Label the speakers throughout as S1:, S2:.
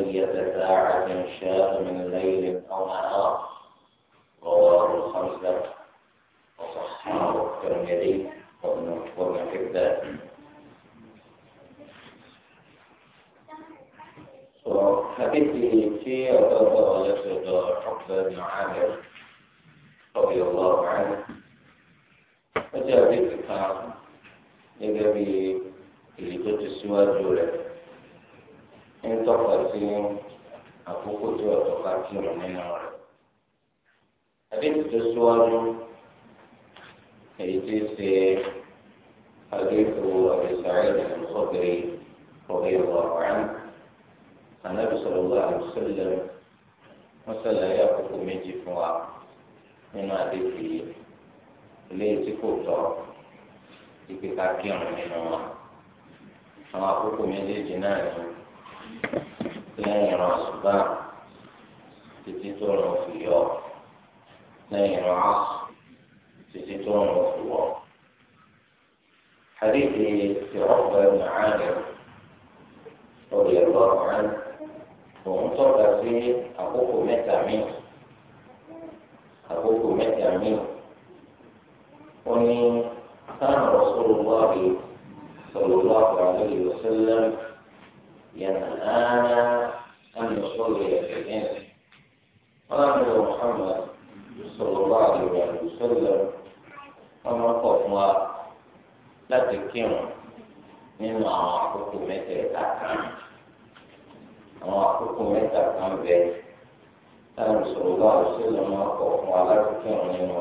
S1: بقية ساعة شاء من ليل أو نهار رواه الخمسة وصححه الترمذي وابن وابن حبان حديثه في أبو يسد بن عامر رضي الله عنه وجاء ذكر إذا بي اللي كنت سواد ń tọ́ka sí àkókò tí ọ̀tọ̀ ká kí wọn nínú rẹ̀. Àdéhùn tó síwájú èyí tí ń ṣe àdéhùn àdéhùn ìṣòkèrè ọ̀rẹ́ ìwà ọ̀rán. Ànábì sallallahu alaihi wasallam wọ́n ṣàlàyé àkókò méjì fún wa nínú àdéhùn yìí. Ilé tí kò tọ́ ìpè ká kí wọn nínú wa. Àwọn àkókò méjèèjì náà ni. lẹ́yìn ìran àṣùbà títí tó lọ fi yọ lẹ́yìn ìran àṣù títí tó lọ fi wọ̀. حديث في عقبة بن عامر رضي الله عنه وانطلق فيه أخوه متى منه أخوه متى منه ومن كان رسول الله صلى الله عليه وسلم ينهانا أن نصلي إلى الجنة قال محمد صلى الله عليه وسلم أما قوم لا تكيم من أعطوك متى أعطوك متى كم بيت أنا صلى الله عليه وسلم قوم لا تكيم من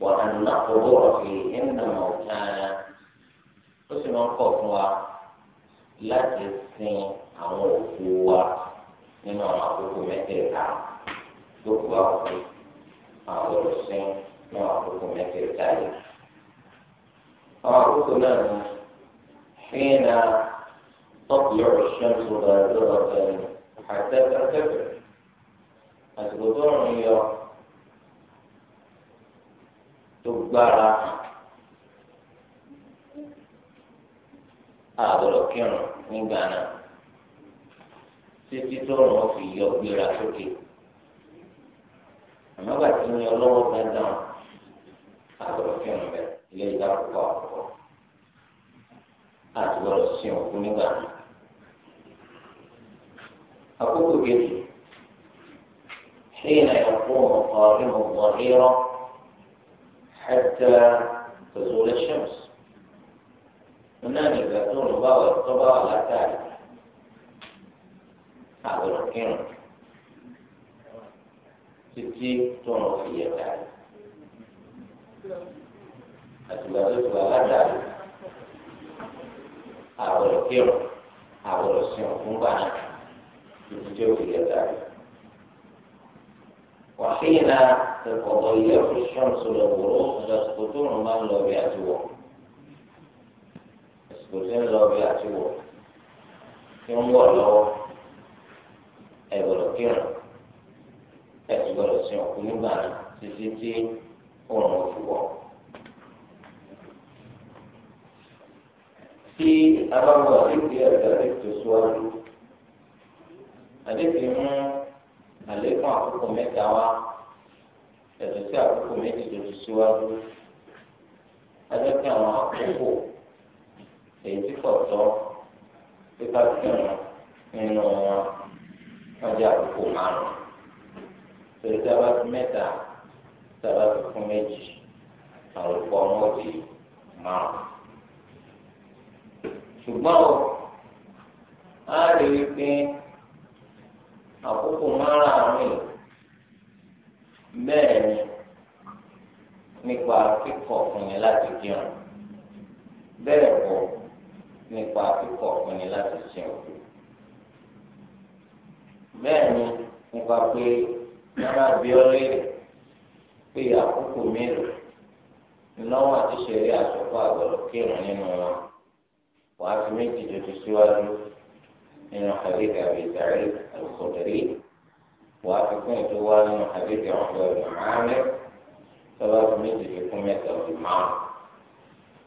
S1: وأن نحضر فيهن موتانا قسم قوم láti sin àwọn òkú wa nínú àwọn àkókò mẹ́tẹ̀ẹ̀ta tó kù wá àwọn òsín nínú àwọn àkókò mẹ́tẹ̀ẹ̀ta yìí. àwọn àkókò náà ni tọ́pù حين تطلع الشمس غازرة حتى ترتفع àsìkò tó ọ̀run yọ tó gbára àbọ̀lọ̀ kírun nígbà náà títí tó rùn fi yọ gbéra sókè àmọ́ bá ti ní ọlọ́wọ́ bá dáhùn àbọ̀lọ̀ kírun bẹ ilé ìdá púpọ̀ àkọ́kọ́ àti bọ̀lọ̀ sí òkú nígbà náà. àkókò kejì حين يقوم قائم الظهيرة حتى تزول الشمس iná nígbà tó ń bá wà tó bá wà látàrí àwòrán kírun títí tó ń fi yẹ dàrí àtìgbà tó ti wà látàrí àwòrán kírun àwòrán sí òkun bá náà títí tó fi yẹ dàrí. وحين تتضيق الشمس والغروب تسقطون من لم يأتوه kò sí bí àti wọ̀ tí ń wọ̀ lọ́wọ́ ẹ̀ kírun ẹ̀ sì gbọ́dọ̀ nígbà títí tí òun ò fi wọ̀. tí a bá wọ àdéhùn ẹ̀ka ètò síwájú àdéhùn mú àlékún àkókò mẹ́ta wá yàtọ̀ sí àkókò méjì tó ti síwájú adéhùn àwọn àkókò èyí tí kò tọ́ pípa kírun nínú wọn wọ́n jẹ́ àkókò márùn-ún torí tí a bá fi mẹ́ta tí a bá fi fún méjì àwọn olùkọ́ wọn ò márùn-ún. ṣùgbọ́n o á rí pé àkókò márùn-ún bẹ́ẹ̀ ni nípa kíkọ̀ fún yẹn láti kírun bẹ́ẹ̀ kọ́ nípa kíkọ̀ fúnni láti sìn ọ́. bẹ́ẹ̀ ni nípa pé nípa bíọ́lé pé àkókò mélòó ìnáwó àti ṣeré àsopọ̀ àgbọ̀dọ̀ kírun nínú wọn wàá fi méjì tó ti síwájú nínú hadith Abi Sa'id al-Khudri wàá fi kún ètò wá nínú hadith ọ̀pọ̀ ẹ̀rọ márùn tọ́lá fi méjì fi kún mẹ́ta ọ̀dùn márùn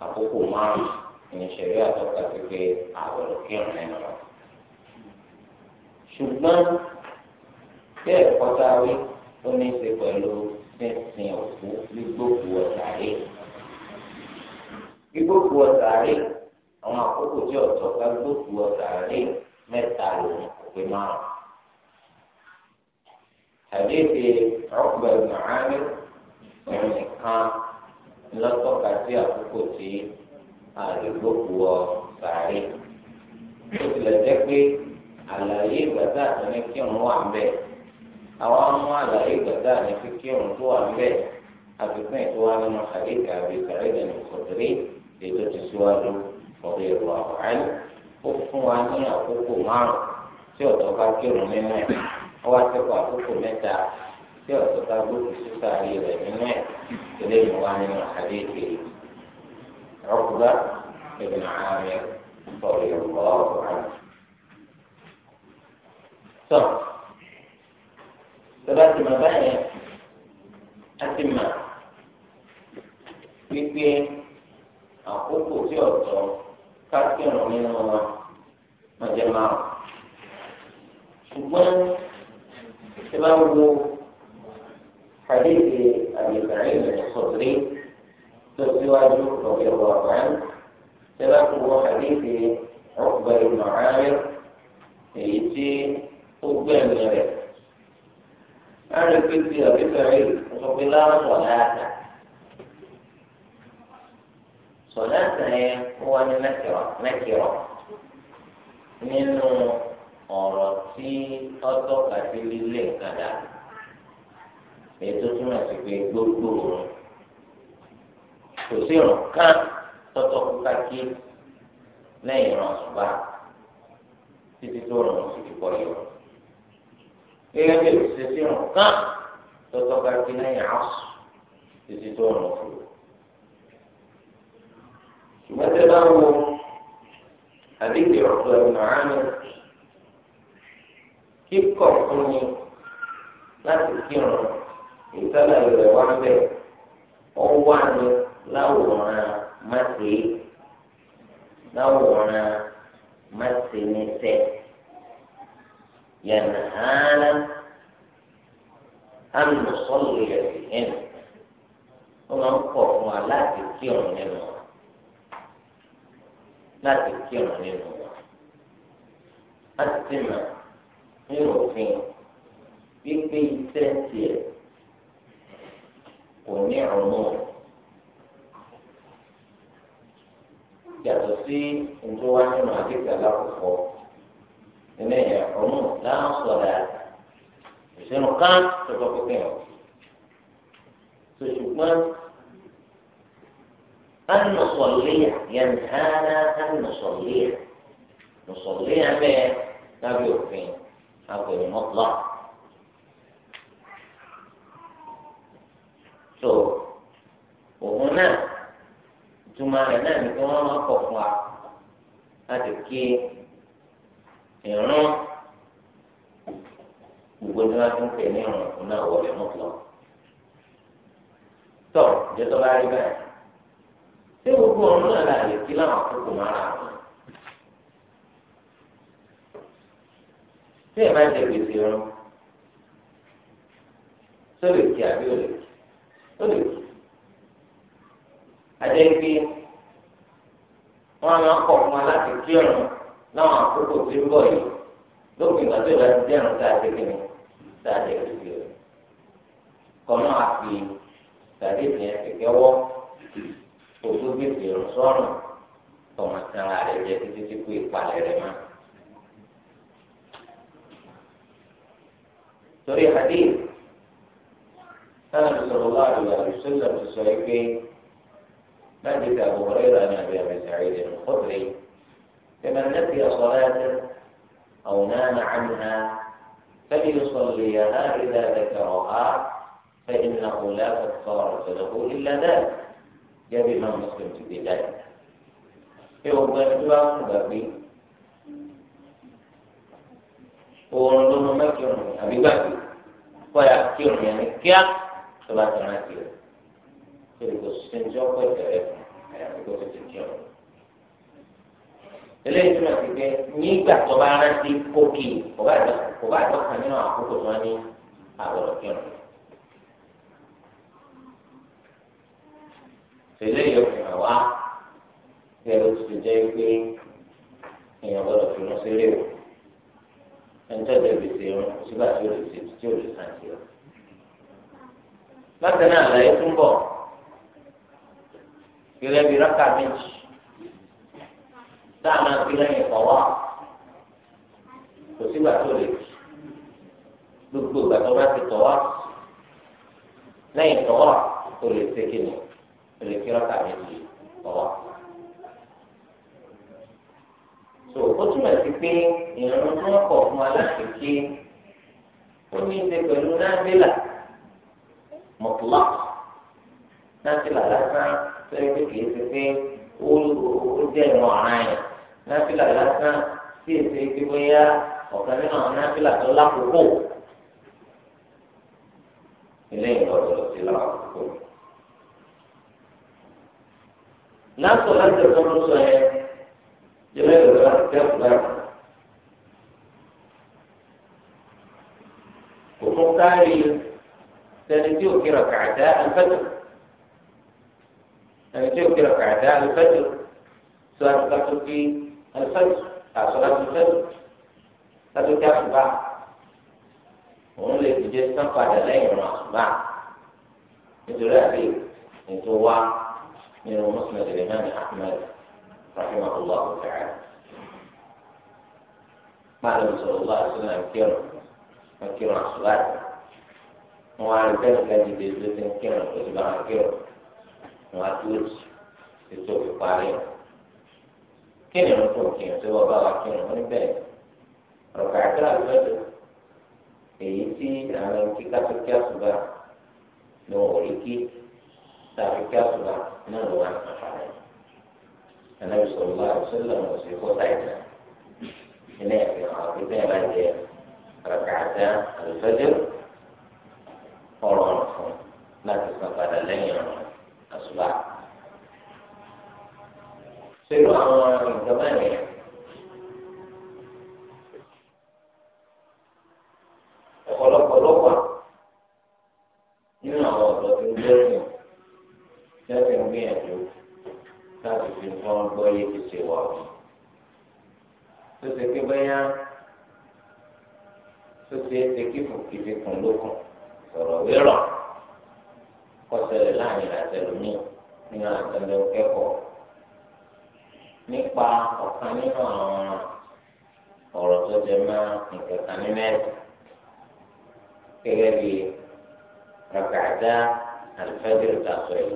S1: àkókò márùn ìníṣẹ̀rí àtọ́ka sí pé àwọ̀rọ̀ kírun nínú wọn. ṣùgbọ́n bí ẹ̀kọ́ tá a wí ó ní í ṣe pẹ̀lú sínsìn òkú gbígbókù ọ̀tàrí. gbígbókù ọ̀tàrí àwọn àkókò tí ọ̀tọ̀ ká gbókù ọ̀tàrí mẹ́ta lòun kò pé márùn. tàbí èdè ọ̀gbẹ̀rún àárín òun nìkan lọ́tọ̀ka sí àkókò tí àdìgbòkù ọ sàárè ó tilẹ̀ jẹ́ pé àlàyé ìgbàdá àtẹ̀lé kírun wà mbẹ́ àwọn amú àlàyé ìgbàdá àtẹ̀lé kírun tó wà mbẹ́ àfikún ètò wa nínú àdéhùn àbí sàárè dẹ̀nu kòtìrí ètò ti síwájú ọ̀rẹ́ ìlú àwọn ó fún wa ní àkókò márùn tí ọ̀dọ́ bá kírun nínú ẹ̀ ó wá sẹ́kọ̀ọ́ àkókò mẹ́ta tí ọ̀dọ́ bá gbókùn sí sàárè rẹ̀ nínú ẹ̀ عقبة بن عامر رضي الله عنه طب ثبات مبايع أتمة pípé àkókò tí ọ̀tọ̀ kákìrún nínú wọn ọjọ́ márùn. ṣùgbọ́n ṣé bá ń wo حديث أبي سعيد الخدري تسواج رضي الله عنه سبقه حديث عقبة بن عامر يجي قبان غير أهل الكتب أبي سعيد وقبل صلاة صلاة هي هو نكرة نكرة nínú ọ̀rọ̀ tí ọtọ́ka sí lílé nǹkan dà ètò túmọ̀ sí pé gbogbo òun kò sí ìrùn kan tọ́tọ́ kúkà kí lẹ́yìn ìrùn àṣùbà títí tó rùn sí ti bọ́ yọ. gẹ́gẹ́ bí sí na kan tọ́tọ́ kúkà lẹ́yìn àṣù títí tó ṣùgbọ́n bá wo àdéhùn ìrọ̀pọ̀ kíkọ̀ fún mi láti kírun rẹ̀ wá bẹ́ẹ̀ láwòrán mẹsẹ láwòrán mẹsẹ níṣẹ yàrá hánà alùsọlù yẹn yẹn wọn máa ń kọ fún wa láti kí ọ̀run nínú wa láti kí ọ̀run nínú wa láti tì mà nínú òfin wípé iṣẹ́ tiẹ̀ kò ní ọ̀run mọ́. yàtọ̀ sí ntọ́ wa ní ma nínú àdéhùn alákòókò ẹ̀mẹ́ yẹn ọ̀nù láwọn sọ̀rọ̀ à ìṣẹ́nu kan tọ́tọ́ pínpín ọ̀ tó ṣùgbọ́n an nusalliya yanhana an nusalliya nusalliya bẹ́ẹ̀ lábẹ́ òfin àgbẹ̀yìn tó. ìtumọ̀ rẹ̀ náà ní kí wọ́n máa kọ̀ fún wa láti kí ìrún gbogbo ní wọ́n ti ń pè ní ìrún fún náà wọlé mọ́tò tọ́ ìjọba bá rí bẹ́ẹ̀ ṣé gbogbo ọ̀run náà là lè kí láwọn àkókò máa rà wọ́n ṣé ìmáa ń ṣe gbèsè ìrún sórí òkè àbí òlè òlè òkè àjẹ́ pé wọ́n máa kọ̀ fún wa láti kí ọ̀run láwọn àkókò tí ń bọ̀ yìí lópin ìgbà tó ìgbà ti dé àrùn tá a jẹ́ kìnnì tá a jẹ́ kìnnì rẹ̀ kọ́ máa fi tàbí ìyẹn kẹ̀kẹ́ wọ́ òtú gbèsè rẹ̀ tọmọ sanra rẹ̀ jẹ́ títí tí kú ìpalẹ̀ rẹ̀ máa. torí hadith sáà ní sọ̀rọ̀ láàrin àrùsọ̀lá ti sọ yìí ما أبو هريرة عن أبي أبي سعيد الخدري فمن نسي صلاة أو نام عنها فليصليها إذا ذكرها فإنه لا كفارة له إلا ذلك يبي ما مسلم في ذلك يوم الجمعة بابي ورنون مكيون أبي بابي ويأكيون يعني كيا سبعة مكيون lórí kò sí ní ọkọ̀ ìtẹ̀rẹ̀ àyàfi kó tètè kí ọ. eléyìí túmọ̀ sí pé nígbà tó bá rántí kókì kò bá àtọ́kàn nínú àkókò tó ní àwọ̀rọ̀ kí ọ̀nà. tẹ̀lé yóò fi hàn wá bẹ́ẹ̀ ló ti jẹ́ pé èèyàn gbọ́dọ̀ fi rán sílé o ẹni tó dẹ̀ bèsè irun sígbà tí ó lè ṣe tí ó lè sàn sí ọ. bákan náà àlàyé túnbọ̀ ìrẹ́ bí rákà méjì tá a máa fi lẹ́yìn kọ̀ wá kò sígbà tó lè jì gbogbo ìgbà tó bá ti kọ̀ wá lẹ́yìn kọ̀ wá kò lè ṣe kí kò lè fi rákà méjì kọ̀ wá. so ó túmọ̀ sí pé ìrànlọ́wọ́ tí wọ́n kọ̀ fún wa láti ké ó ní í ṣe pẹ̀lú nábìlà mọ̀tòlá nábìlà lásán sẹ́yìn kìí ṣe pé ó jẹ́ ìmọ̀ ọ̀ràn yẹn náfìlà lásán sí èsì pé bóyá ọ̀kan nínú àwọn náfìlà tó lákòókò ilé ìlọ́dọ̀ sí lákòókò. lásán láti ẹ̀kọ́ ló sọ yẹn jẹ́lẹ́ ìlọ́dọ̀ láti kẹ́kọ̀ọ́ báyìí. kò tún kárí sẹ́ni tí ò kíra kàdá àfẹ́tọ̀ ẹni tí ó kí ọkà dá alifẹ́jọ tó a tó kí alifẹ́jọ àtọ́ alifẹ́jọ tó kí àtúbà òun lè dìde sán padà lẹ́yìn ọ̀rọ̀ àtúbà nítorí àbí ètò wa nínú mùsùlùmí lè náà ní ahmed rahimahullah ta'ala máa lọ sọ̀rọ̀ lọ́wọ́ àti sọ́nà ìkírun ìkírun àtúbà wọn á rí bẹ́ẹ̀ ká dìde lóde ìkírun òṣùbà wọn á dúró jù ètò ìparí kí ni wọn tó kí wọn tó wọn bá wa kí wọn ní bẹ́ẹ̀ ọkà àti àlùfẹdù èyí tí àwọn kíkà tó kí àtúbà ní wọn ò rí kí tàbí kí àtúbà náà ló wà ní àfààní ẹnlẹ sọlá ọsẹlẹ ọsẹ kó táyà ilé ẹgbẹ́ àwọn akẹgbẹ́ ẹ bá jẹ ọkà àti àlùfẹdù ọ̀rọ̀ ọ̀fun láti san padà lẹ́yìn ọ̀rọ̀ àṣùbà pẹ̀lú àwọn ìjọba yẹn. ọ̀pọ̀lọpọ̀ ló wà nínú àwọn ọ̀dọ́ tó ń gbẹ́rùn lẹ́sẹ̀ ń gbìyànjú láti fi nǹkan gbọ́ yé ti ṣe wà ó. tó ṣe pé sọ̀rọ̀ wérọ̀ kọsẹlẹ láàrin àtẹlómi nínú àtẹlẹ kẹ́kọ̀ọ́ nípa ọ̀kan nínú àwọn ọ̀rọ̀ tó jẹ mọ́ ìkẹta nínú ẹsẹ̀ gẹ́gẹ́ bí rakata alifajiri tasọ yìí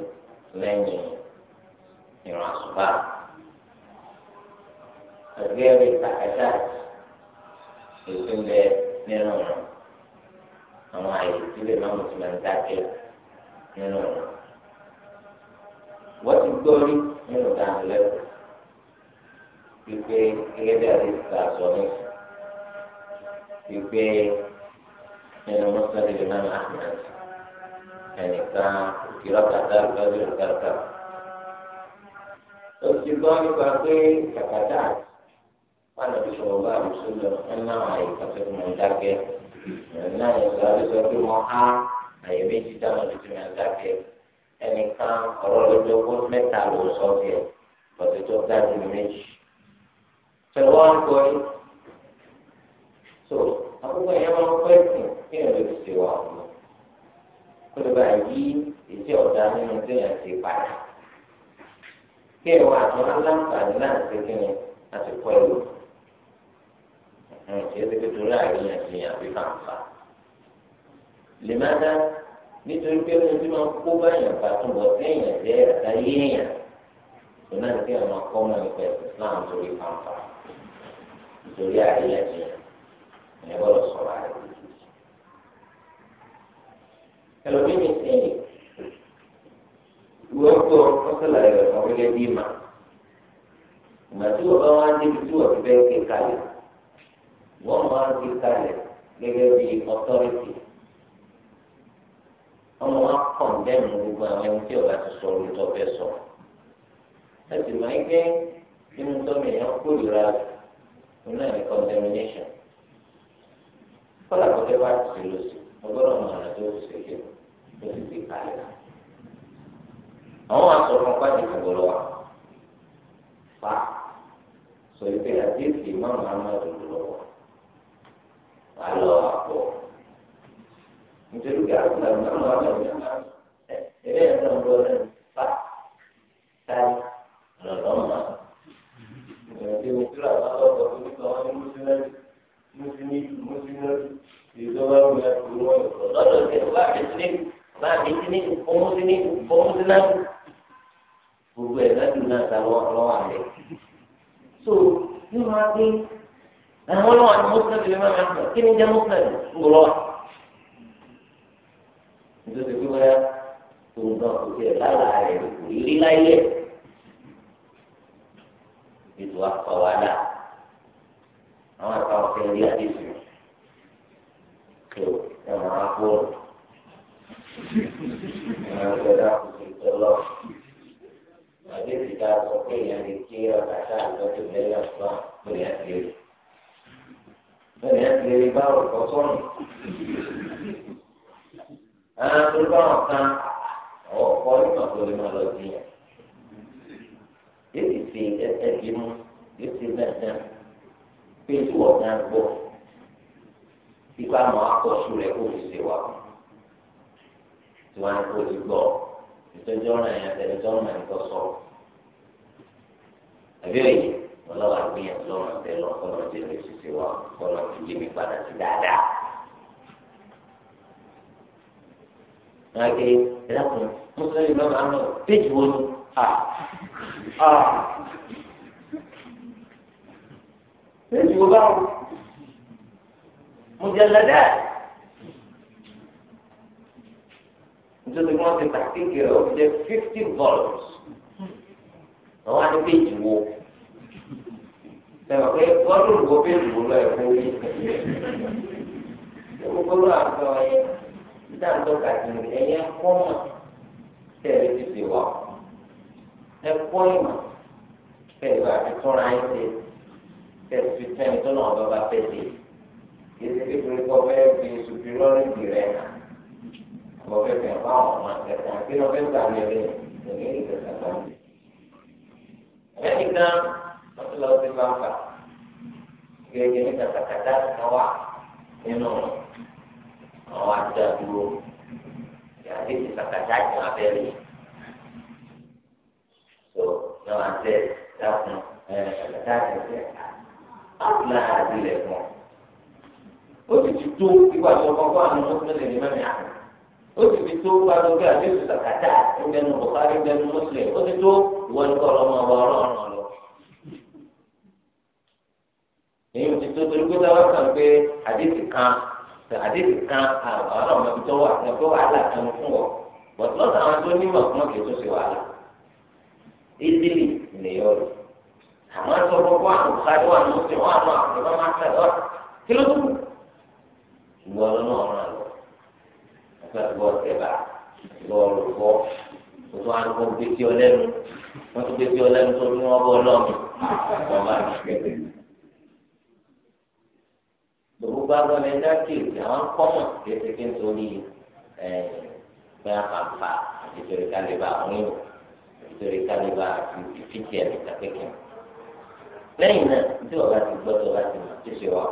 S1: lẹ́yìn ìrìn àṣùbà gẹ́gẹ́ bí takata ètò nínú àwọn àyè tí lè má mùsùlùmí dákẹ́ nínú ọ̀rọ̀ wọ́n ti gbórí nínú ìdánilẹ́kọ̀ọ́ wípé gẹ́gẹ́ bí àti ìta sọ ní wípé nínú mọ́sálí lè máa máa hàn ẹnìkan ìkìlọ̀ kàtà lọ́dún ìkàtà ó ti gbọ́ nípa pé kàkàtà wọn lè fi sọ̀rọ̀ bá àbùsùn lọ ẹ̀ náà àyíká tó fi mọ̀ ń dákẹ́ ẹ̀ náà ìgbà tó sọ pé wọ́n á àyè méjì táwọn lè fi máa dákẹ́ ẹnìkan ọ̀rọ̀ lọ́jọ́ kó mẹ́ta ló sọ bí ẹ̀ lọ́dọ̀ tó dájú méjì. pẹ̀lú wọn kọ́ ẹ́ so àkókò yẹn máa ń pẹ́ sùn kí ẹ̀ lè fi ṣe wà ọ̀nà kó lè bá yí èsì ọ̀dà nínú tó yàn ti padà kí ẹ̀ wà àwọn aláǹfààní náà ṣe kí ni àti pẹ̀lú ẹ̀ẹ́dẹ́gbẹ̀dọ̀ láàrin àti àbí fàǹfà. lèmọ́dá nítorí pé ó ti máa kó báyìí àtúbọ̀ téèyàn jẹ́ àtàyé èèyàn tó náà ti àwọn akọ́mọ nípa ẹ̀sìn Islam lórí pàmpá nítorí àríyá ti yàn ẹ̀ bọ́lọ̀ sọ̀rọ̀ àrẹ ẹlòmíì sẹ́yìn ìwé ọkọ̀ ọ̀sẹ̀lá ẹ̀rọ kan gẹ́gẹ́ bí mà ìgbà tí wọ́n bá wá débi tí wọ́n ti fẹ́ kékalẹ̀ wọ́n máa ń kékalẹ̀ gẹ́gẹ́ bí ọtọ́rìtì. ọmọ wa kọ̀ lẹ́nu gbogbo àwọn ẹni tí ọba ti sọ orí tọ́fẹ́ sọ. ẹ sì máa ń gbé nínú tọ́mì yẹn kó ìrora nínú ẹ̀ condemnation. kọ́lá kọ́lẹ́ bá ti lò sí ọgọ́rọ̀ mọ̀ràn tó ti ṣe kí ló ti fi kalẹ̀ náà. àwọn asọ̀rọ̀ pàdé kọ̀gọ́rọ̀ wa fa sọ ìpè àti èsì máa máa máa dòdò lọ́wọ́. wàá lọ àpọ̀ nítorí pé àwọn ọ̀gá náà wà lọ́wọ́ ẹ̀rẹ́ ẹ̀ náà lọ́wọ́ ẹ̀ fà táyì lọ́lọ́mà ìrìnàjò mùsùlùmí àwọn ọ̀gá tó ní kàn wọ́n ní mùsùlùmí mùsùlùmí mùsùlùmí ìjọba ń bẹ kúrò wọn lọ́dọ̀ tẹ̀ wá àbẹ̀sílẹ̀ wá àbẹ̀sílẹ̀ fọmùsílẹ̀ fọmùsílẹ̀ gbogbo ẹ̀ láti náà ta lọ́wọ́ àlẹ́ so ní wọn á gbé àwọn ọlọ́wọ́ àti mùsùlùmí lè má máa ń bọ̀ kí ni jẹ́ mùsùlùmí ń bọ̀ lọ́wọ́ nítorí pé wọ́n yá òun náà kò tiẹ̀ lára rẹ̀ rí láyé ètò àpàwádà àwọn àpàwọ̀ fẹ́ rí àdéhùn tó ẹ̀ máa bọ̀rọ̀ ẹ̀ máa bẹ̀rẹ̀ àkókò lọ. Àdéhùn ìta sọ pé lè ké ọ̀gá sáà lọ́dún mẹ́lẹ̀ ọ̀gbọ́n lórí àdéhùn. Lórí àdéhùn báwo kọ́ sọ́nù àwọn tó bá wọn kan àwọn ọkọ nígbà tó lè máa lọ sí yẹn yóò ti ṣe ẹsẹ̀ bí mú yóò ti dandan pé tí wọ́n dá gbọ́ ipa máa kọ̀ṣù rẹ̀ kó fi ṣe wà tí wọ́n á kó ti gbọ́ ìtọ́jú ọ̀ràn yẹn àtẹnudọ́ ọ̀ràn yẹn tó sọ àbí òye wọn lọ́wọ́ àgbéyàn lọ́rùn àtẹ lọ́kọ́ lọ́dẹ lè ṣiṣẹ́ wà kọ́ lọ́ọ́ yé mi padà sí dáadáa. àgbẹ̀ ẹ̀dàkùn mùsùlùmí mẹ́wàá náà péjì wo ni à à péjì wo báwo mùjẹ̀lẹ̀dẹ̀ nítorí wọ́n ti tàkìkì rẹ̀ ó fi fifty volumes àwọn àti péjì wo sẹ́wọ̀n pé wọ́n lòlùkọ́ péjì wo lọ́ọ̀ ẹ̀kọ́ yìí gbogbo àgbà yìí táǹtọ́ kàkiri ẹ̀yẹ ẹ̀kọ́ mọ̀ tẹ̀lé ti fi wà ẹ̀kọ́ ìmọ̀ pẹ̀lú àtúntúnra ẹ̀ ṣe tẹ̀sí fi tẹ́ni tó náà bàbá fẹ́ ṣe yìí ti fi kọ́ fẹ́ fi superiority rẹ̀ hàn mo fẹ́ fẹ́ fún àwọn ọmọ akẹ́kọ̀ọ́ àti ní ọ̀fẹ́ gbà mí rẹ̀ lónìí ìgbésẹ̀ tó ń bẹ̀. ẹ̀yìn kan wọ́n ti lọ sí bàbá gẹ́gẹ́ ní kàtàkàtà kan wà nínú ọ̀rọ̀. àwọn ajá dúró yàtí ti kàkàtà jẹ abẹ́rẹ́ tó náà wà jẹ dákun ẹ kàkàtà jẹ jẹ àbúlá àdìlẹ̀ fún ó sì ti tó ìwà tó kọ́kọ́ àwọn mọ́tòlẹ̀ ní mẹ́rin àná ó sì ti tó wà lórí àdéhùn kàkàtà ìgbẹ́nu bọ̀kárí ìgbẹ́nu mọ́tòlẹ̀ ó ti tó ọmọ ọba àdéhùn kan àwọn ọlọ́mọ ibi tó wà ẹgbẹ́ wàhálà kan fún ọ bọ̀tí lọ́sàn àwọn tó nímọ̀ fún ọkẹ́ tó ṣe wàhálà ìdílé nìyọ rẹ̀ àwọn tó gbogbo àwọn kájọ àwọn mọ̀tò wọn àwọn àkùnrin wọn máa tẹ̀lé wọn kí ló dùn ìwọ ọlọ́nà ọ̀ràn lọ àti àgbọ̀ tẹ̀bà ìwọ olùkọ́ tó tó àwọn gbogbo gbé wọ́n ti gbé tí tó ní wọ́n bọ́ ọlọ́run gbogbo agbọn ní dákìrì àwọn kọ́mọ̀ kéde kí n torí pé a kà fà nítorí kálíbà àwọn èèyàn nítorí kálíbà àti ìfìtì ẹ̀mí kàkékè. lẹ́yìn náà tí ọ̀gá ti gbọ́ tó láti mọ̀ tó ṣe wà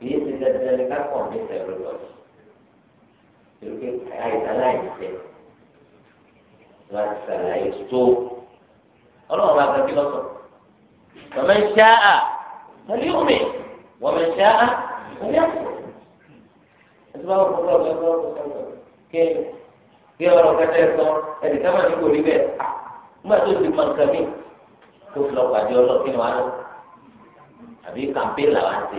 S1: kìí ṣe dandan ní kápọ̀ ní sẹ̀rọ̀ lọ́sì torí pé àìsàn láìsẹ̀ láti ṣàlàyé tó ọlọ́run bá gbẹ́bí lọ́sọ̀ tọ́mẹ́ ṣáà pẹ̀lú omi. ومن شاء فليكفر ẹtùbáwò kọlọ lọlọ ké bí ọ̀rọ̀ kẹtẹ sọ ẹnì kan máa ní kò rí bẹ́ẹ̀ nígbà tó ti mọ nǹkan mi tó fi lọ pàdé ọlọ kí ni wàá lọ àbí kàmpéèn làwọn àti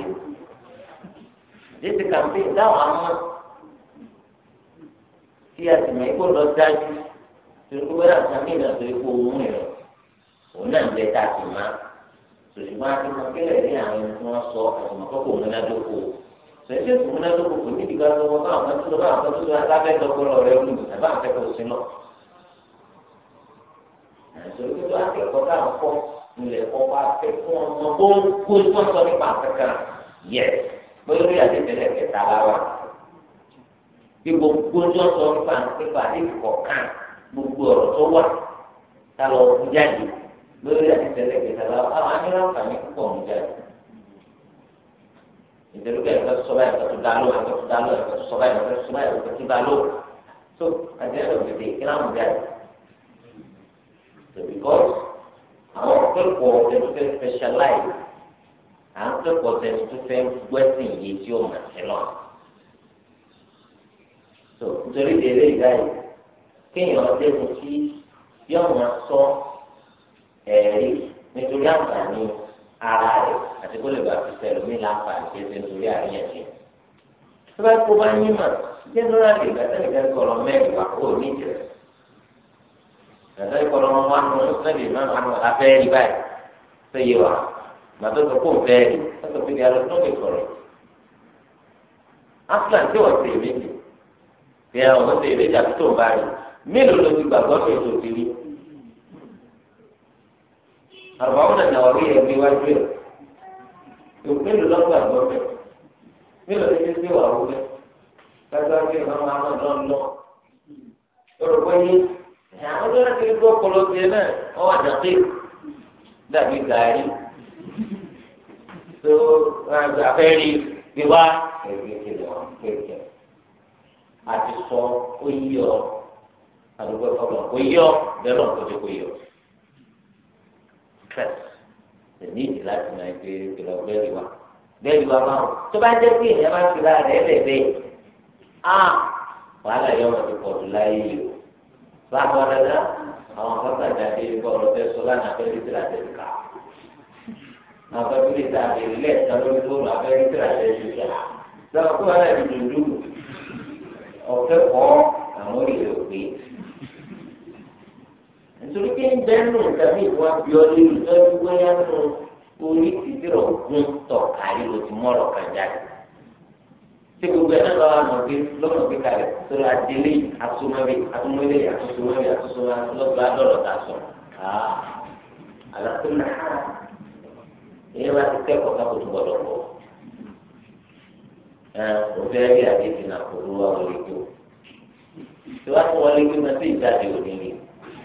S1: yìí ti kàmpéèn dáwọn àmọ́ tí a sì mọ ikú lọ dájú tó ń gbé àtàmì ìrìnàjò ikú òun rẹ òun náà ń bẹ tá a sì máa ṣùgbọ́n àti wọn ní àwọn ẹni tí wọ́n sọ àtùmọ̀ kọ́kọ́ múnádókò tó múnádókò kò ní ìdìbò àti wọn báwọn kan tó báwọn kan tó lọ alábẹ́ dọ́gbọ́rọ̀ rẹ lù àbá àkẹ́kọ̀ọ́ sí lọ. àìsàn tó akẹ́kọ̀ọ́ táwọn kọ́ ilẹ̀ kọ́ bá nípa nípa àkẹ́kọ̀ọ́ gbogbo ọ̀rọ̀ tó wà tá lọ fún jáde lórí àtẹ̀lẹ́ kẹtàlá àwọn anìlá nǹkan púpọ̀ ń jẹ́ ìdẹ́lúkẹ́ ẹ̀ka tó sọ́bà ẹ̀ka tó dá ló ẹ̀ka tó dá ló ẹ̀ka tó sọ́bà ẹ̀ka tó sọ́bà ẹ̀ka tó dá ló tó àdéhùn òdìdí ìkíná ń jẹ́ tó because àwọn akẹ́kọ̀ọ́ ẹni fẹ́ specialize à ń kẹ́kọ̀ọ́ ẹni tó fẹ́ gbẹ́sìn yìí tí ó mà sí lọ tó nítorí ìdílé ìdáyìí ẹ̀rí nítorí àǹfààní ara rẹ̀ àti kó lè bá fi sẹ́lẹ̀ mí láǹfààní kí ẹsẹ̀ nítorí àríyànjiyàn. tó bá kó bá yín mà jẹ́nẹ́rálì ìgbàsẹ́nìkan kọ̀ọ̀rọ̀ mẹ́rin wà kó ní ìjẹ́ ìgbàsẹ́nì kọ̀ọ̀rọ̀ wọn wà nù sẹ́lẹ̀ náà wà nù afẹ́rí báyìí tó yé wa màtó tó kó fẹ́ẹ́rì tó tó fi di tó lè kọ̀ọ̀rọ̀ afúlàn tí wọ́n ti rí bí àwọn ọmọ ti rí bí àtúntò bá rí mélòó ló ti gbàgbọ́ àrùbáwọn ànàwárí yẹn gbé wájú ẹ̀ òpin ló lọ́gbà gbọ́ bẹ́ẹ̀ mélòó ti ti gbé wà wú bẹ́ẹ̀ lágbára bí ọ̀nà máa ń lọ lọ. olùkọ́ yìí àwọn tó láti rí gbọ́ kọlọ tiẹ̀ náà wọ́n wà dàpé dàbí gàárì tó àfẹ́rí bí wá kékeré wọn kékeré àti sọ ó ọ àdúgbò kọlọ kó ọ bẹ́ẹ̀ lọ́n kó tó ọ stress the need láti máa gbé ìlọ bẹ́ẹ̀lì wa bẹ́ẹ̀lì wa máa tó bá jẹ́ pé èèyàn máa fi láàrẹ̀ ẹ̀ lẹ̀ bẹ́ẹ̀ á wàhálà yọ ọmọ ti pọ̀ jù láyé yìí o bá a bọ̀ dáadáa àwọn akọ́kọ́ àjáde bọ̀ ọ̀rọ̀ fẹ́ sọ lánàá fẹ́ rí tìrà tẹ̀lé ká àwọn fẹ́ fi lè ta àbẹ̀rẹ̀ lẹ́ẹ̀ta lórí fóònù àfẹ́ rí tìrà tẹ̀lé ká lọ́wọ́ kó wàhálà ìdùnnú ọ̀fẹ́ kọ́ àwọn olè torí pé ń bẹ́ẹ̀ nù tàbí ìwà bíọ́lé ìtọ́jú wáyà nù orí tìtìrọ̀ gún tọ̀ kárí o ti mọ̀rọ̀ kan jáde. tí gbogbo ẹ̀ náà bá wà mọ̀ pé lọ́nà pé kalẹ̀ sọ̀rọ̀ àdélé àtúmọ̀lé àtúmọ̀lé àtúnṣomọ̀lé àtúnṣomọ̀ lọ́gbà lọ́rọ̀ ta sọ. Ah, àlàkùnà ìyẹn bá ti kẹ́kọ̀ọ́ ká kò tó gbọdọ̀ pọ̀. òfin ẹgbẹ́ àdéhùn àkókò wà wọlé tó. tí wàá tó wọlé tó náà sí ìjáde òní ni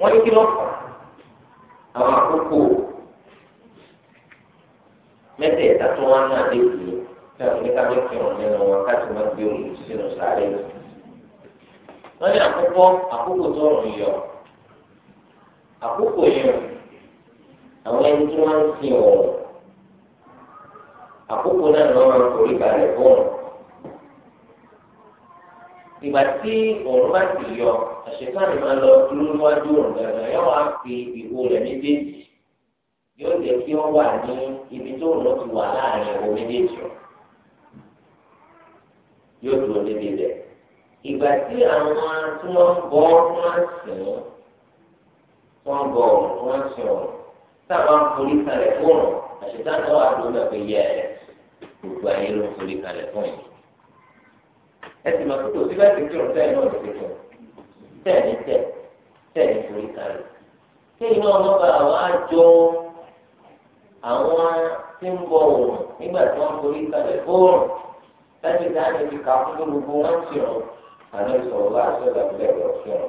S1: wọ́n ní kí ló fà àwọn àkókò mẹ́tẹ̀ẹ̀ta tó wá náà dé kù náà ní ká ló fi hàn nínú wọn káàtì máa gbé òòlù sínú sáré lọ. wọ́n ní àkókò àkókò tó rùn yọ àkókò yẹn àwọn ẹni tí wọ́n ń sin ọ̀rọ̀ àkókò náà ni wọ́n máa ń forí balẹ̀ fún ọ̀rọ̀ ìgbà tí òun bá ti yọ àṣekáàrin máa lọ dúró níwájú òun gàgà yóò wá fi ìwo rẹ̀ méjèèjì yóò jẹ́ kí wọ́n wà ní ibi tó ń lọ ti wà láàrin ìwo méjèèjì o yóò dúró débi rẹ̀ ìgbà tí àwọn tí wọ́n bọ́ wọ́n sìn wọ́n bọ̀ wọ́n sìn ọ̀ táwọn forí kalẹ̀ fóònù àṣekáàrin wà lónà pé yẹ gbogbo ayé ló ń forí kalẹ̀ fóònù. ẹ ti mọ̀ pé òsì láti kí ọ̀tẹ́ náà ti tẹ̀ tẹ̀lé tẹ̀ tẹ̀lé torí kárì. ṣé iná ọlọ́ba àwọn àjọ àwọn tí ń bọ̀ nígbà tí wọ́n torí kárì fóònù láti dáná ibi ká fún gbogbo wọn ti àná ìsọ̀rọ̀ bá aṣọ ìdàgbẹ́ fi hàn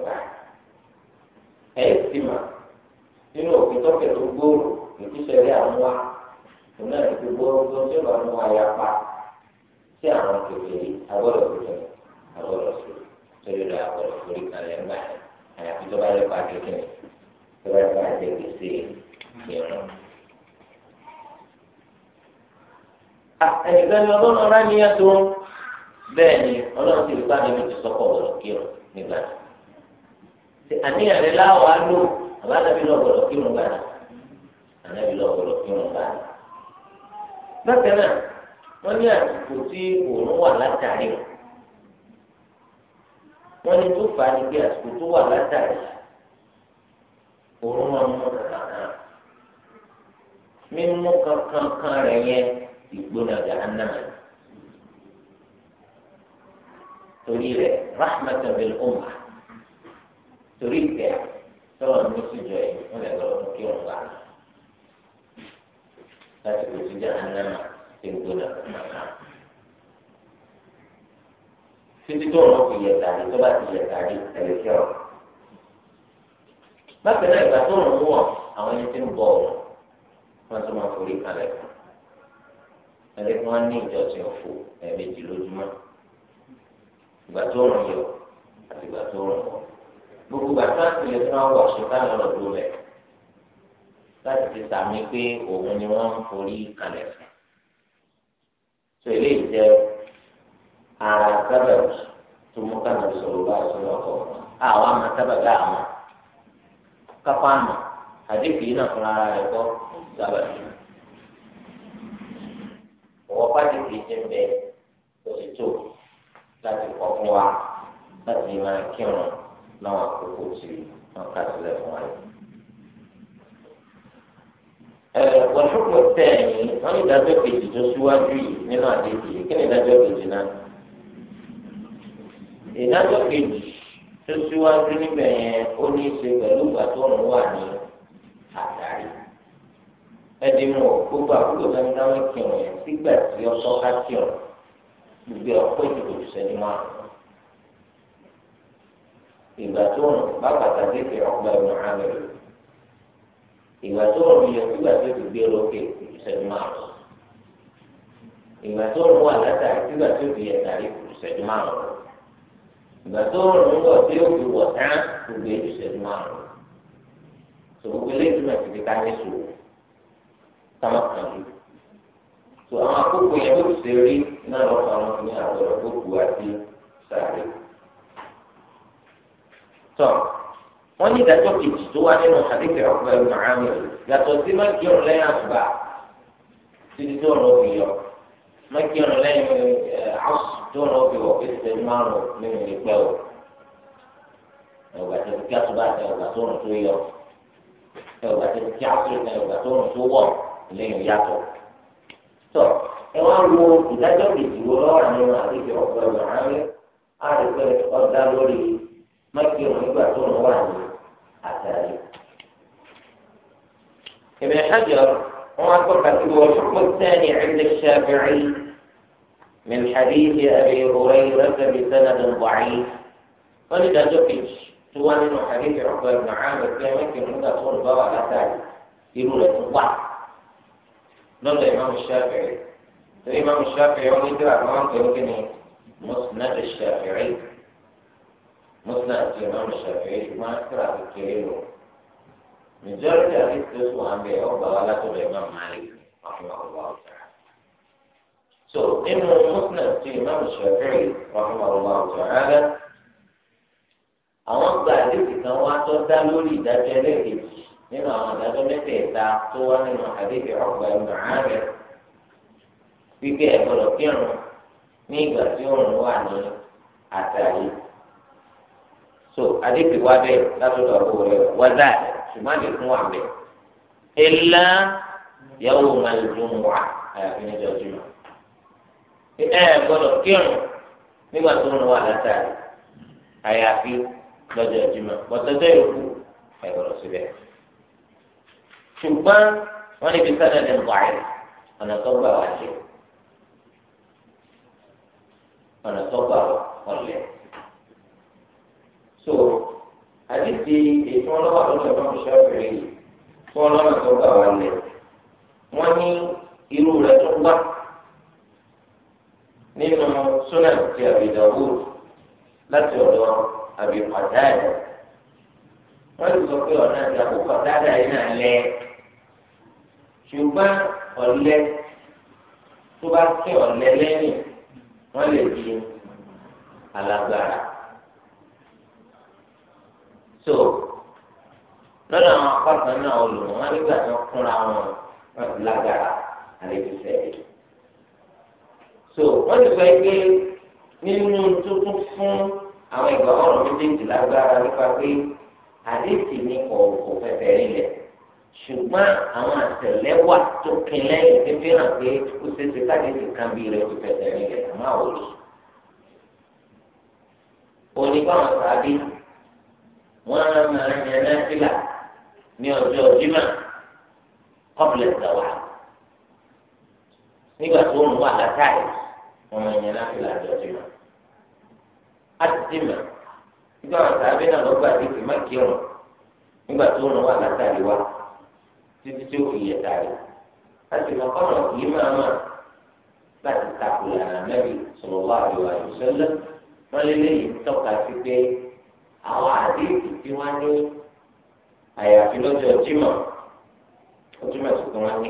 S1: bá. nínú òfin tọ́kẹ̀ tó gbòòrò àwọn wa sí àwọn kékeré agbọ́dọ̀ kúrò agbọ́dọ̀ sùn torí rẹ̀ agbọ́dọ̀ forí kalẹ̀ ńgbà àyàfi tó bá yẹ pa kékeré tó bá yẹ pa kékeré ìrún. ẹnìkan ni ọlọ́run ọ̀rá ni yẹn tó bẹ́ẹ̀ ni ọlọ́run ti rí bá mi ti sọ́kọ̀ ọ̀rọ̀ kí ọ nígbà tó. àníyàn rẹ̀ láwọ̀ á lò àbá nàbí lọ́gbọ̀dọ̀ kírun gbà náà ànábì lọ́gbọ̀dọ̀ kírun gbà bákan náà wọ́n ní àsìkò tí òun wà látàrí wọ́n ní tó fà á ní pé àsìkò tó wà látàrí òun máa mú kankan mímú kankan kan rẹ̀ yẹn ìgbóná jahannama torí rẹ̀ rahmatan bil umma torí ìgbẹ́ sọ̀rọ̀ ní sùjọ́ yìí wọ́n lè lọ́ọ́ kí wọ́n gbà láti kò sí jahannama ti ń gbóná títí tó ọ̀nà fi yẹ tàbí tó bá ti yẹ tàbí tẹ̀lé kí ọ̀. bákan náà ìgbà tó ń mú ọ àwọn ẹni tí ń bọ̀ ọ̀ wọ́n tún máa forí kalẹ̀ fún ẹni tí wọ́n ní ìjọsìn òfò ẹ̀ẹ̀mejì lójúmọ́ ìgbà tó ń yọ àti ìgbà tó ń wọ̀. gbogbo ìgbà tó àti ilé tí wọ́n wọ̀ ṣe ká lọ́rọ̀ rẹ̀ láti fi sàmì pé òun ni wọ́n forí kalẹ̀ fún tó ilé ara sábàbí tó mú kánà sọ̀rọ̀ bá sọ̀rọ̀ ọkọ àwọn àmà sábàbí àmà kápá àmà àdéhùn iná fúnra rẹ̀ kọ sábàbí ọwọ́ pàdé kìí ti ń bẹ òṣètò láti kọ fún wa láti máa kírun náà àkókò tí wọn kà sílẹ̀ fún wa yìí. والحكم الثاني هل إذا ذكرت جسوا جي من عديدي كن إذا ذكرت جنا إذا ذكرت جسوا جي من ẹdín gbogbo àkókò tó ń yẹn sígbà tí ká gbogbo ìdìbò máa ìgbà tó ń bá pàtàkì ìgbà tó rọrùn yọ ìgbà tó ti gbé lókè ìṣẹ́jú márùn ìgbà tó rọrùn wà látàrí ìgbà tó ti yẹ tàrí ìṣẹ́jú márùn ìgbà tó rọrùn wọ̀ tí ó fi wọ̀ tán gbogbo ìṣẹ́jú márùn tó gbogbo eléyìí náà ti di ní sùn táwọn kan lù tó àwọn akókò yẹn ló ti rí náà lọ́kọ̀ àwọn ní àgbọ̀rọ̀ gbogbo àti sáré tọ́ wọ́n ní ìdájọ́ kejì tó wá nínú àdéhùn ọ̀pọ̀ ẹ̀rù màámi yàtọ̀ sí mákìrún lẹ́yìn àgbà títí tó rọ̀ fi yọ mákìrún lẹ́yìn àṣù tó rọ̀ fi wọ̀ pé tẹ̀lé márùn nínú ìpẹ́ o ẹ̀wà tẹ̀lé kí àtúbà tẹ̀ ẹ̀wà tó rùn tó yọ ẹ̀wà tẹ̀lé kí àtúbà tẹ̀ ẹ̀wà tó rùn tó wọ̀ lẹ́yìn yàtọ̀ tó ẹ wá wo ìdájọ́ kejì nínú ابن حجر هو الفرقة والحكم الثاني عند الشافعي من حديث أبي هريرة بسند ضعيف ولد جوكيج توان حديث عقبة بن عامر في أماكن هنا تقول بابا الأتاي يقول لك الله نقول الإمام الشافعي الإمام الشافعي يقول لك ما أنت يمكن مسند الشافعي مسند الإمام الشافعي ما أكثر تفكيره من جرد حديث تسوى عن بيع وضلالة الإمام مالك رحمه الله تعالى سو إنه مسند الإمام الشافعي رحمه الله تعالى àwọn gba àdéhùn kan wá tó dá lórí ìdájọ́ ẹlẹ́ẹ̀kejì nínú àwọn ìdájọ́ mẹ́tẹ̀ẹ̀ta tó wá nínú àdéhùn ọgbà ẹ̀mọ̀ ààrẹ wípé ẹ̀gbọ́dọ̀ kírun ní ìgbà tí òun wà ní àtàlẹ́ so adéke wá bẹ látọ̀dọ̀ àbúrò rẹ wọ́dà ṣùgbọ́n àdékùn wà bẹ. ilá yàwó màlúùmù wà àyàfi níjọ jùlọ. ẹ ẹ gbọ́dọ̀ kírun nígbà tó ń wà látàrí àyàfi lọ́jọ́ ìjùmọ̀ bọ́tọ́jọ́ ìkú ẹ gbọ́dọ̀ síbẹ̀. ṣùgbọ́n wọ́n níbi sádà ní bàáyì ọ̀nà tó gbà wá jẹ ọ̀nà tó gbà wá ọ̀lẹ́ so àdìsí ètò ọlọ́wà lọ́sọ̀ fún ọmọ ṣẹ́fẹ̀rẹ́ yìí fún ọlọ́wà tó gbà wá lẹ̀ wọ́n ní irú rẹ̀ tó gbà nínú súnà ti àbìdàwó láti ọ̀dọ̀ àbìpàdáyà wọ́n ti sọ pé ọ̀nà àbìdàwó pàdáyà yìí náà lẹ̀ ṣùgbọ́n ọ̀lẹ́ tó bá kí ọ̀lẹ́ lẹ́yìn wọ́n lè di alágbára so lọ́dọ̀ àwọn akọ́ta náà olùmọ̀ wọn nígbà tí wọ́n fúnra wọn wọn lágbára àlejòfẹ́ so wọ́n ti sọ pé nínú tuntun fún àwọn ìgbà ọ̀rọ̀ méjèèjì lágbára nípa pé àdéhìí ní kọ̀ọ̀kọ̀ fẹ̀fẹ̀ rí lẹ̀ ṣùgbọ́n àwọn àtẹ̀lẹ́ wà tó kin lẹ́yìn tí fi hàn pé ó ṣe ṣe káde ti kan bí rẹ̀ ti fẹ̀fẹ̀ rí àmọ́ àwòrán. òní báwọn sábẹ́ wọn á máa yẹ lẹ́sílà ní ọjọ́ jimá kọ́pìlẹ̀ ìdáwà nígbà tó ń wà látàrí wọn máa yẹ lẹ́sílà ọjọ́ jimá. á ti jimá nígbà wọn sàbẹ̀ náà lọ́gbà tí má kírun nígbà tó ń wà látàrí wa títí tí ó fi yẹ tàrí kọ́nà máa láti sọ̀rọ̀ wá àwọn àdéhùn tí wọ́n ní àyàfi lọ́jọ́ jímọ̀ ojúmọ̀ wọn ní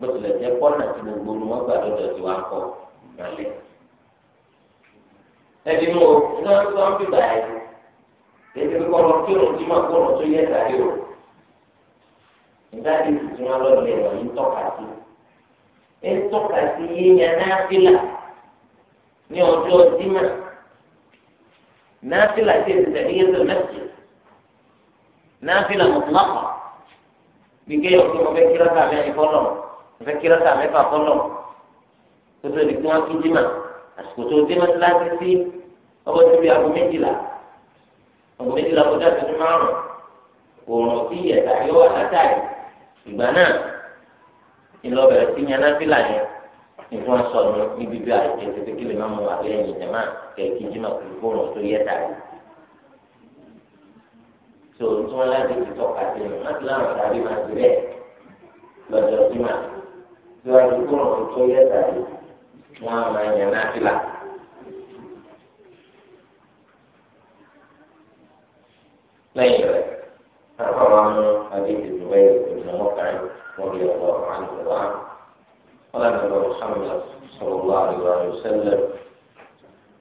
S1: bó tilẹ̀ jẹ́ pọ́nà tí gbogbo ni wọ́n gbà lọ́jọ́ tí wọ́n kọ́ lálẹ́. ẹni mo iná tó ń bíbá ẹ̀ kí tó yẹ o ìdájí tuntun wọn tọ́ka sí tọ́ka sí yíyan náà ọjọ́ نافلة تحية المسجد نافلة مطلقة بكي يكون مفكرة عمي فولو مفكرة عمي فولو tótó di kí wọn kí dìmà àsìkò tó dìmà ti láti sí ọwọ tó bí aago méjìlá aago méjìlá kó dà tuntun márùn òòrùn tí yẹta yóò wà látàrí ìgbà náà ìlọ bẹ̀rẹ̀ sí yẹn náà fìlà yẹn nítorí wọn sọ ní níbi bí àìsè tètè kí lè má mú àbẹ́yẹn ìjẹ̀má kẹ̀kí jìmọ̀ pẹ̀lú fóònù tó yẹ tàbí. tó tí wọn láti fi tọ́ka sí ní wọn ti láwọn tàbí máa ti bẹ́ẹ̀ lọ́jọ́ jìmọ̀ tí wọn ti fóònù tó yẹ tàbí wọn á máa yàn náà fìlà. lẹ́yìn rẹ̀ àwọn ọmọ adé ti dùn bẹ́ẹ̀ ìdùnnú ọkàn wọn lè ọ̀dọ̀ àwọn ونبي محمد صلى الله عليه وسلم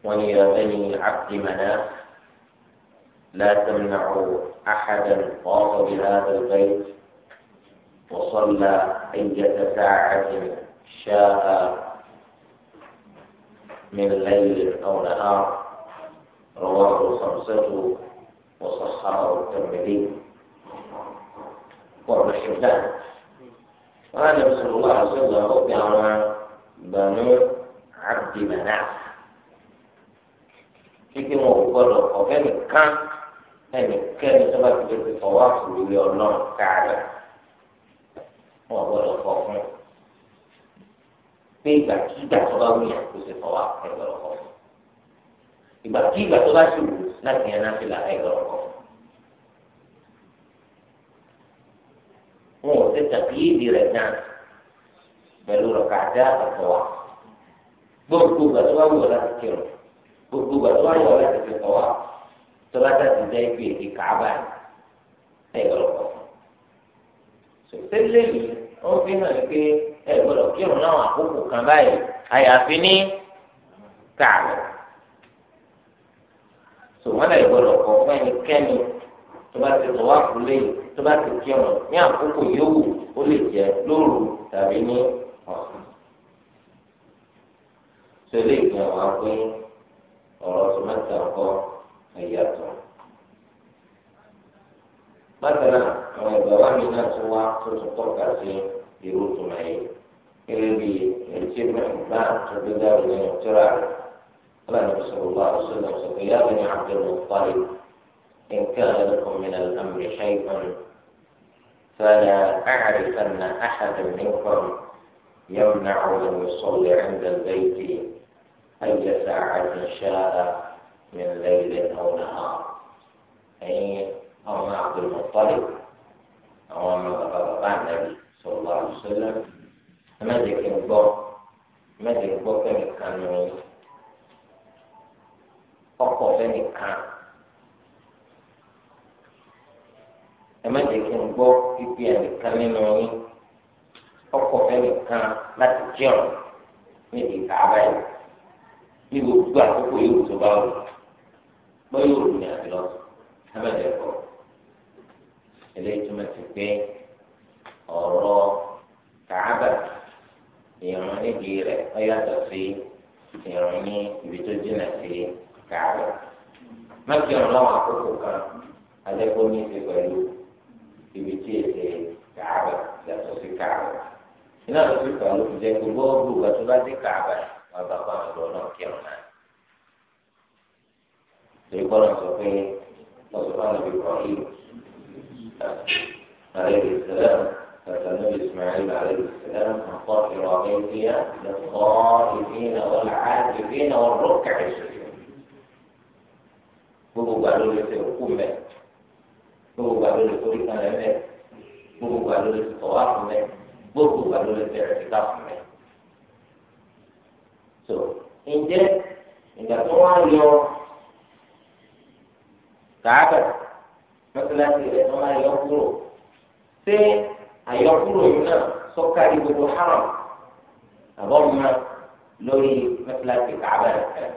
S1: ويا بني عبد مناف لا تمنعوا أحدا طاف بهذا البيت وصلى أية ساعة شاء من ليل أو نهار رواه خمسة وصححه الترمذي وابن حبان wọn ní sọ̀rọ̀ wà sọ̀rọ̀ ó fi àwọn bànú àbdìmọ̀nà kíkí wọn ò gbọdọ̀ ọ̀fẹ́ nìkan ẹnikẹ́ni tó bá ti lè fi fọwọ́ àfòlùwé ọlọ́run káàrẹ̀ wọn ò gbọdọ̀ fọ fún pé ìgbàkigbà tó bá wúyà kó ṣe fọwọ́ àfòlùwé ọlọ́run ìgbàkigbà tó bá ṣe láti yẹn náà fi là ẹ̀ lọ́rọ̀ ṣe tàbíyèdè rẹ̀ náà pẹ̀lú rẹ̀ kàdá àtọ̀ wa gbogbo gbàtọ́ wà wọ̀ láti kírun gbogbo gbàtọ́ wà wọ̀ láti kírun wa tọ́lá tàbí dá ikú èdè kàába ẹ̀ lọ́kọ̀ sọ̀tẹ́lẹ̀ yìí wọ́n fi hàn pé ẹ̀ gbọ́dọ̀ kírun náà àkókò kan báyìí àyàfi ní kààbọ̀ sọ̀wọ́n náà gbọ́dọ̀ kọ̀ fún ẹnikẹ́ni tó bá ti tọ̀ wá fún lẹ́yìn tó bá ti kí ọ̀rọ̀ ní àkókò yòówù ó lè jẹ́ lóru tàbí ní ọ̀sán. tó lè gbìn àwọn agbé ọ̀rọ̀ tó mẹ́ta kọ́ ẹ̀yàtọ̀. bákan náà àwọn ìgbà wa mi náà tún wá tó tọ́ka sí irú tó máa yẹ bí èyí mẹ́rin bá tó gbé dáwọ́ lẹ́yìn tó rà rẹ̀. قال النبي صلى الله عليه وسلم يا بني عبد المطلب إن كان لكم من الأمر شيء فلا أعرف أن أحدا منكم يمنع من يصلي عند البيت أي ساعة شاء من ليل أو نهار أي أو عبد المطلب أو عن النبي صلى الله عليه وسلم ما ذكر بوك ما ذكر بوك كان من أقوى ẹ má jẹ́ kí n gbọ́ pípé ẹnìkan nínú yín ọkọ̀ ẹnìkan láti jẹun níbi kàába yìí ní gbogbo àkókò yóò tó bá wù gbọ́ yóò rù ní àbí lọ́sùn ẹ má jẹ́ kọ́ eléyìí tó máa ti pé ọ̀rọ̀ kàába ìrìn níbi rẹ̀ ọ yàtọ̀ sí ìrìn ní ibi tó jìnnà sí kàába má jẹun láwọn àkókò kan adẹ́kọ̀ọ́ ní ti pẹ̀lú. ibi tí èsè kàába yàtọ̀ sí kàába. iná ló fi kàn ló fi jẹ́ gbogbo ọdún ìgbà tó bá dé kàába wọn bá fún àwọn ọ̀dọ́ náà kí kírun náà. lè gbọ́dọ̀ sọ pé wọ́n sọ fún nàbí kọ̀ yìí. عليه السلام فسلم إسماعيل عليه السلام عن قاصر عبيدية للخائفين والعاكفين والركع السجود. gbogbo gbàdúrà ló ti rò kú mẹ́ta. gbogbo gbà ló lè forí kan lẹ mẹ gbogbo gbà ló lè sọwá fún mẹ gbogbo gbà ló lè bẹ̀rẹ̀ fún mẹ. so ǹjẹ́ ìgbà tó wá yọ kàákà mọ́tíláṣí rẹ̀ tó wá yọ kúrò ṣé àyọkúrò yìí náà sọ́kàrí gbogbo haram àbọ̀ mọ́ lórí mọ́tíláṣí kàábà rẹ̀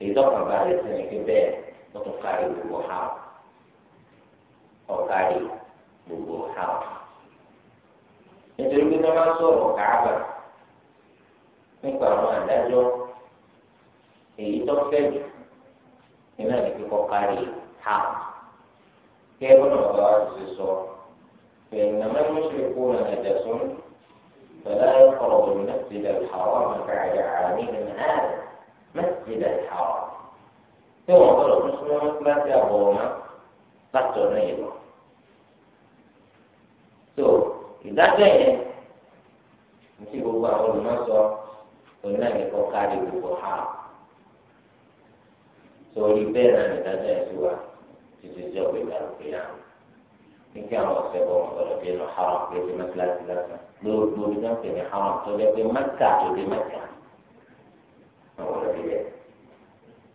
S1: èyí tó kàn bá rẹ̀ bẹ́ẹ̀ wọ́n gbogbo haram ọ̀kàrí gbogbo àwọn. nítorí pé wọ́n máa ń sọ̀rọ̀ káàbà nípa àwọn àdájọ́ èyí tó fẹ́ jù nínú àdìgbò kọ́kárí àwọn. kí ẹ bọ́dọ̀ bá wa ti sọ فإنما المشركون نجس فلا يقرب المسجد الحرام بعد عامهم هذا مسجد الحرام. ثم قالوا مسلم مثل أبوهما látọ̀nà yìí lọ. tó ìdájọ́ yẹn ní ti gbogbo àwọn olùmọ̀sọ òun náà ní kọ́ káàdì gbogbo ha torí bẹ́ẹ̀ náà ní ìdájọ́ yẹn ti wá títí jọ́ pé ìdàrúkọ yà ní kí àwọn ọ̀sẹ̀ bọ̀ ọ̀dọ̀ bí ẹnu haram pé ti mẹ́tíláṣí lásán lóògbé orí náà tẹ̀lé haram tó lẹ́ pé mẹ́ta tó dé mẹ́ta àwọn ọ̀dọ̀ bí bẹ́ẹ̀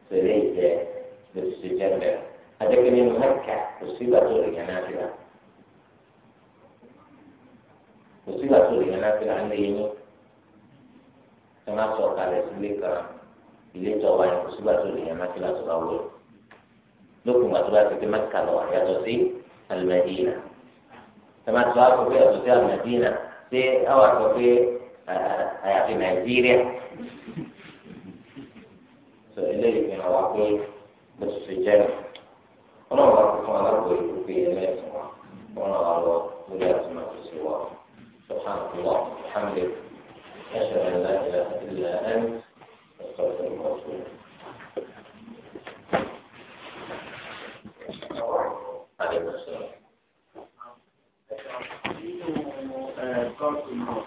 S1: tẹ̀lé ìjẹ́ jẹ́ bẹ́ẹ̀ àjẹpẹ́ nínú mẹ́kà kò sí ìgbà tó lè yàn náfìlà kò sí ìgbà tó lè yàn náfìlà ń lè yín ẹ má sọ kalẹ̀ sílé kan ilé tó wà ní kò sí ìgbà tó lè yàn náfìlà tó bá wọ̀ lókun ìgbà tó bá ti fi mẹ́kà lọ yàtọ̀ sí alimẹ́dínà ẹ má sọ àkókò yàtọ̀ sí alimẹ́dínà ṣé àwọn àyàfi nàìjíríà sọ eléyìí fi hàn wá pé bó ti ṣe jẹ́ ọlọ́run bá fún wa lápò ìgbókè ẹlẹ́sìn wa wọn náà wà lọ lórí àtúmọ̀ tó ṣe wà sọ̀hán ìwà hàmdẹ ẹ̀ṣẹ̀ ẹ̀lá ìlà ìlà ẹ̀m ẹ̀ṣọ́ ìṣẹ̀lẹ̀ ọ̀ṣun. Thank you.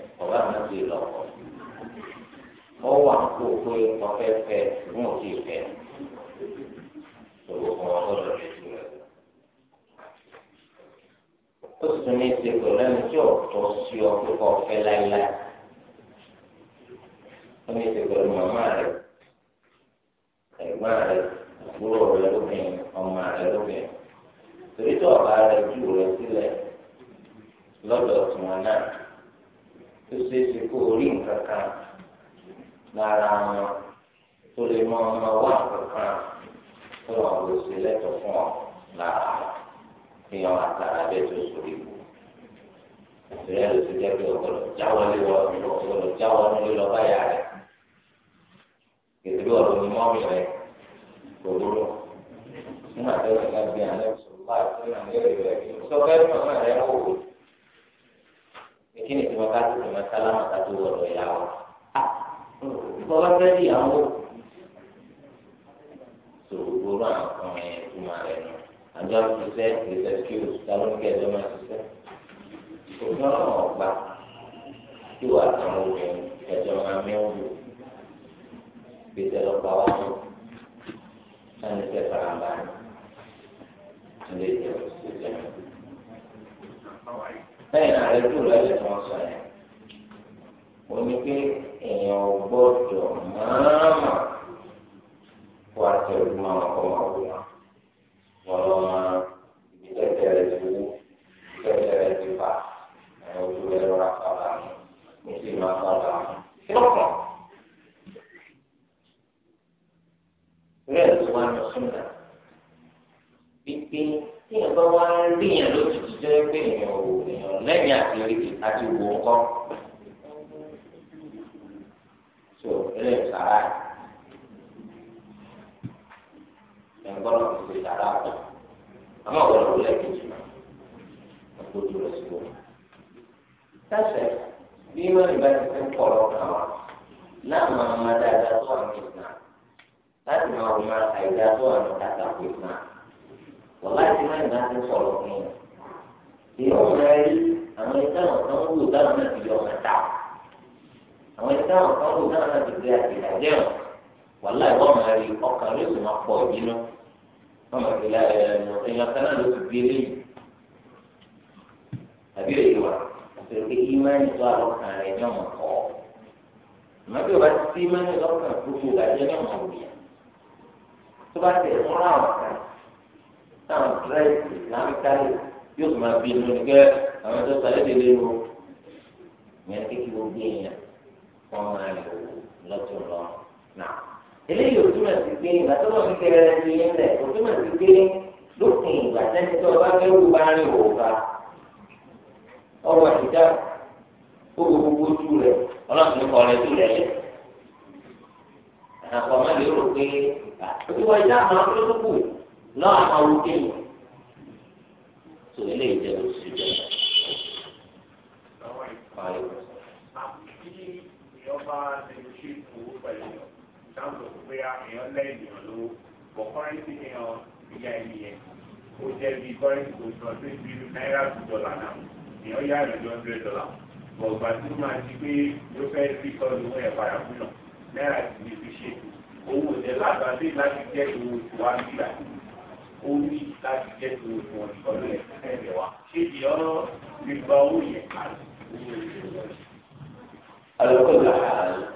S1: ọba àwọn ti lọ ọ wà kó o pé ọfẹ fẹ ṣùgbọ́n ò fẹ òwò kan ọgọ́dọ̀ rẹ sí rẹ ó sì ní ṣe pẹ̀lú ẹni tí ọ̀tọ̀ sí ọ pé kọ fẹ láéláé ó ní ṣe pẹ̀lú màmá rẹ ẹ̀gbọ́n rẹ àbúrò rẹ lóbìnrin ọmọ rẹ lóbìnrin torí tí ọba rẹ jù rẹ sílẹ̀ lọ́dọ̀ tiwọn náà tó ṣeé ṣe kó orí nǹkan kan lára wọn tó lè mọ ọmọ wá nǹkan kan tó lọ lọ sí lẹ́tọ̀ọ́ fún ọ lára fi hàn àtàrà bẹ́ẹ̀ tó sórí ibù. ìṣẹ̀lẹ̀ ló ti jẹ́ pé ọ̀gbọ́dọ̀ jáwọ́ lé wọ ọ̀gbọ́dọ̀ jáwọ́ lé lọ báyà rẹ̀ ìdílé ọ̀rọ̀ ni mọ́mí rẹ̀ kò dúró nígbà tó ń gbé àná ìṣòro báyìí tó ń gbé rẹ̀ sọ fẹ́ẹ́ mọ̀ náà kí ni tiwọn ká tètè máa sálámà ká tó wọlọ ìyá wa ah, bọ́lá fẹ́ di àwọn sòwòrò àwọn kan ẹ̀ túmọ̀ rẹ̀ nù àjọ ṣiṣẹ́ ìṣẹ́kíù sálọ́ńkẹ́ ẹ̀jọ́ máa ṣiṣẹ́ òfin ọ̀rọ̀ ọ̀gbà tí wàá tàwọn obìnrin ẹ̀jọ́ máa mẹ́wọ́n lò gbèsè lọ́gbà wá fún sani fẹ́ farabà ní ilé ìjọba ṣiṣẹ́ mi
S2: lẹ́yìn àrẹ́jù rẹ̀ lè wọ́n sọ
S1: yẹn. ó ní pé èèyàn gbọ́dọ̀ máàmà kó àtẹ̀wé máa kọ́ máa wò wá. lọ máa ibi tẹ́tẹ́ rẹ̀ ti wú tẹ́tẹ́ rẹ̀ ti fà ẹ̀rọ ojú rẹ̀ lọ́ra fàlà mo sì máa fàlà kí lọ́kàn. rẹ̀ ló wá lọ sínú náà. pípín tí ẹ̀ bá wá rí yẹn lójijì jẹ́ pé èèyàn ò èèyàn lẹ́yìn àti rí àti wò ó kọ́ so eléyìí sàrà ẹ̀ gbọ́dọ̀ kò sí sàrà ọ̀ àmọ́ ọ̀gbọ́dọ̀ kò lẹ́kẹ̀jì náà ọ̀gbọ́dọ̀ rẹ̀ sí wọn. sẹ́sẹ̀ bí wọ́n ìgbà tí wọ́n kọ̀ ọ́ kàn wá náà máa ma dáadáa tó àmì ìgbà láti máa wọ́n máa àìdáa tó àmì ìgbà tàbí wọ́n láti máa ìgbà tó sọ̀rọ̀ fún wọn yóò rẹ àwọn ẹgbẹ́ kan wò táwọn náà ti yọ ọmọ ta àwọn ẹgbẹ́ kan wò táwọn náà ti gbé àtìlájẹ́ wọn wàhálà ìwọ ọmọ rí ọkàn ló sì máa pọ̀ ìbínú ọmọ ìlà ẹ̀ẹ́dùn èèyàn kan náà ló ti gbé léyìí àbí òye wa àtẹ̀wé ìmánì tó àlọ́kàn rẹ̀ ní ọmọ kọ́ ìmọ̀tí òbá ti sí ìmánì lọ́kàn gbogbo ìdájọ́ ní ọmọ òbí tó bá tẹ̀ fúnra ọ̀kan táwọn dírẹ́sì náà yóò tún máa bí inú ní kẹ́ àwọn tó sáré délé nu ìyẹn kékeré ó gbé yẹn wọ́n máa lò lọ́tún lọ náà. eléyìí ò túmọ̀ sí pé ìgbà tó wọ́n fi kẹrẹ ní ilẹ̀ ò túmọ̀ sí pé lópin ìgbà tẹ́ni tó bá fẹ́ wù bá rìn wò ọwọ́ ìjà ó gbogbo ojú rẹ̀ ọlọ́run kọ́ rẹ̀ tó lẹ̀ lẹ̀ àkọ́mọ́ lérò pé ìwọ ìjà àwọn tó tó kù lọ́wọ́ àwọn olùkẹ́yìn tó ilé ìjẹun sí ìjẹun. ìjọba ṣe ń ṣe ìfowó pẹ̀lú ìdáhùn pé èèyàn lẹ́yìn ìrànlọ́wọ́ bọ̀ kọ́rẹ́ǹtì èèyàn ìyá ẹni yẹn ó jẹ́ bí kọ́rẹ́ǹtì tó sọ sí bí náírà tó dọ́là náà èèyàn yá ìrànlọ́wọ́ hundred dollar bọ̀ ìgbà tí ó máa ti pé yóò fẹ́ rí tọ́lù ẹ̀ padà fún náà náírà ti di fi ṣe owó ìjẹ́ lábàá dé láti jẹ́ owó ìwádìí orí láti jẹ́ tó wọ̀ ọ̀dọ̀ ẹ̀rẹ̀ wa ṣé ìdí ọ̀rọ̀ gbígba owó yẹn ká alùpùpù làhálà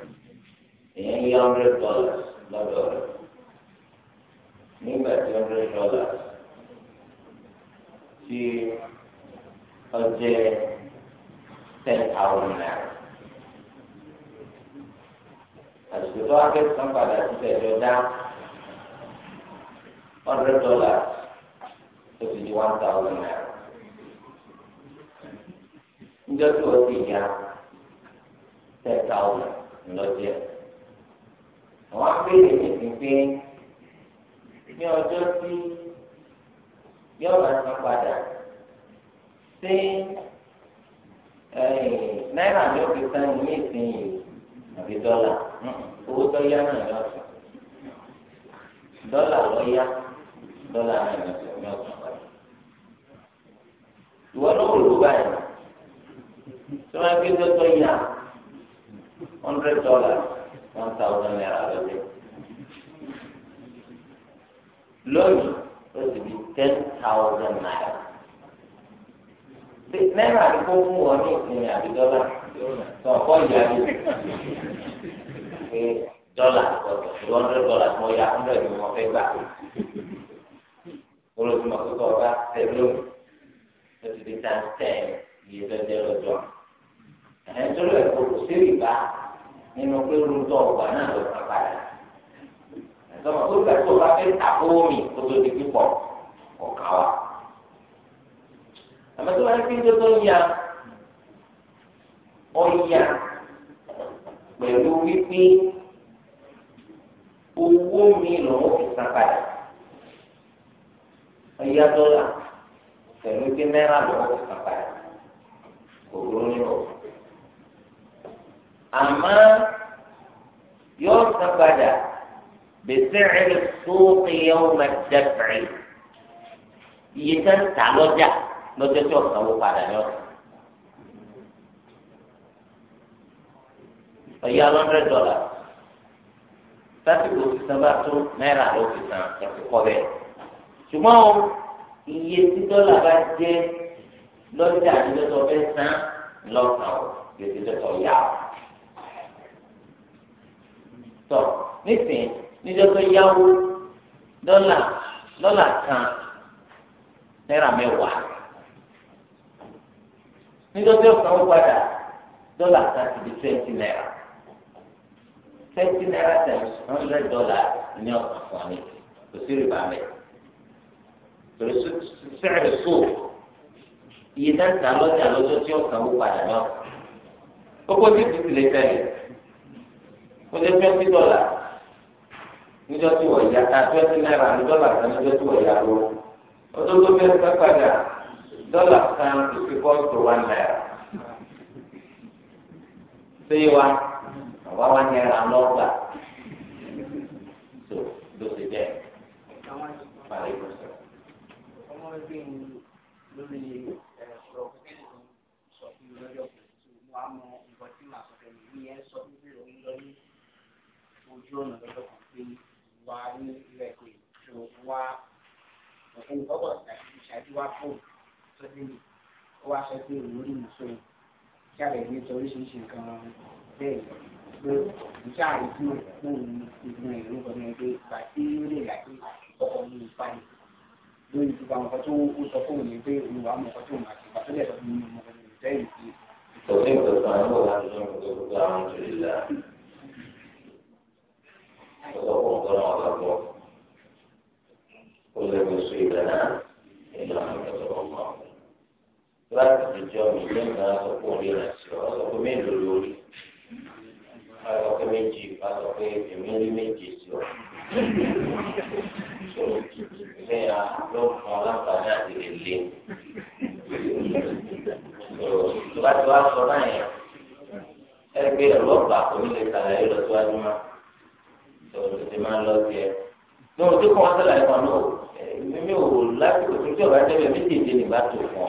S1: èèyàn yá hundred dollars lọ́dọ̀ rẹ̀ nígbà tí hundred dollars ti ọjẹ́ ten thousand naira àsìkò tó wá fẹ́ san padà sí ẹ̀jọ̀ dáa hundred dollars ó ti one thousand naira níjọ́ tí wọ́n ti ya ten thousand ńlọ́jẹ́ àwọn abéèrè nìkan pé ní ọjọ́ tí yóò bá ti padà sí eh, náírà ní ó fi san ní ìsinyìí àbí dọ́là owó tó yá náà yọ̀ ọ̀sán dọ́là lọ́ yá dọ́là náà ní ti ní ọ̀tún pàdé. ìwọ ló wò ló báyìí tí wọ́n gbé tó tó yà hundred dollars one thousand naira lọ́dẹ. lónìí ó sì bí ten thousand naira. náírà ló kó fún wọn ní ìsinmi àbí dọ́là tó ọ̀pọ̀ ìyá mi. dọ́là ọ̀dọ̀ two hundred dollars mo yà hundred ni mo fẹ́ gbà olóòtú ma kókó ọba tẹ̀lé o ló ti di tán tẹ̀ iye dẹ́dẹ́ lọ́jọ́ ẹ̀hẹ́n tó lọ ẹ̀kọ́ kò sí rìbá nínú pé olùtọ̀ ọgbà náà lọ kà padà ẹ̀sọ́mọ tó gbà tó bá fẹ́ tàkówó mi kó tó di pípọ̀ ọ̀ká wa àmọ́ tó wáyé pé tó ya ọ ya pẹ̀lú wípé owó mi lọ́wọ́ fi sá padà ọ̀yá dọ́là pẹ̀lú pé náírà lọ́wọ́ ti kàkà kò lóyún o. àmọ́ yóò san padà بسعر السوق يوم الدفع iye tẹ́ ń tà lọ́jà lọ́jọ́ tí ọ̀sán wo padà ní ọ̀sán. ọ̀yá hundred dollars sásìkò sísan bá tó náírà ló fi san ẹ̀kọ́ ṣùgbọ́n iye tí dọ́là bá jẹ́ lọ́jà ìdọ́tọ̀ fẹ́ san lọ́sàn ó iye tí dọ́tọ̀ yá o. tọ́ nísìnyí nídọ́tọ̀ yáwó dọ́là dọ́là kan náírà mẹ́wàá nídọ́tọ̀ ọ̀sán ó padà dọ́là kan ti di twenty naira twenty naira times hundred dollars ní ọ̀sán fún mi kò sí rìbá mẹ́ta torí sẹ́ẹ̀rì sóò iye dáńtà lọ́jà lọ́jọ́ tí ọ̀sán wó padà náà kókó tí kìí tilẹ̀ tẹ̀lé ó lé twenty dollar níjọ́ tí wọ̀ ya ta twenty naira ní dọ́là kan níjọ́ tí wọ̀ ya lọ ọdọ́dọ́ bẹ́ẹ̀ fẹ́ padà dọ́là kan fifty four to one naira séyìí wa àwa wa naira lọ́gbà tó ló ti jẹ́ parí kọ́sọ́ fẹ́ gbé ní lórí ẹ̀rọ kẹ́kẹ́ tó sọ fún mi lọ́jọ́ kan tó mú àmọ́ nǹkan tí màá sọ fẹ́mi ní ẹ sọ fún mi lórí lórí ojú ọ̀nà lọ́jọ́ kan pé wà á ní ilé ẹ̀kọ́ yìí tó wá òfin gbọ́dọ̀ ṣáájú wá fóònù tó dé mi ó wá sọ pé òun rí mi sóyún ṣáàlẹ̀ ní sọ oríṣiríṣi nǹkan bẹ́ẹ̀ pé ìṣáà ìdúró fún ìgbìmọ̀ ìlú ní ẹgbẹ́ ìgbà tí ó lè yà ọkọ̀ mi ò balẹ̀. lórí gbogbo àwọn ọkọ tó ó sọ fún òní pé olùwà mọ ọkọ tó mà sí ìgbà tó lẹ̀ lọ́dún nínú ọmọ rẹ̀ lẹ́yìn tí. òní ìgbàgbọ́ àwọn ọmọ àti ọmọ tó gbogbo àwọn tó lè la ọ̀pọ̀ nǹkan ọ̀gá bọ̀ ó lè mú sí ìdáná nínú àwọn ìgbàgbọ́ ọmọ láti mi lẹ́yìn náà sọ fún òní rẹ̀ léyà ló fún ọ láǹfààní àti lè lé ìgbà tí wàá sọ náà yẹn ẹgbẹ́ ẹ̀rọ ọ̀gbà kò ní lè ṣàlàyé lọ síwájú má ìṣòro ti máa ń lọ sí ẹ ní ojú kan wọ́n ṣàlàyé kan náà mímí ò lásìkò tó jọba jẹ́bẹ̀ méjèèjì nígbà tó fún ọ.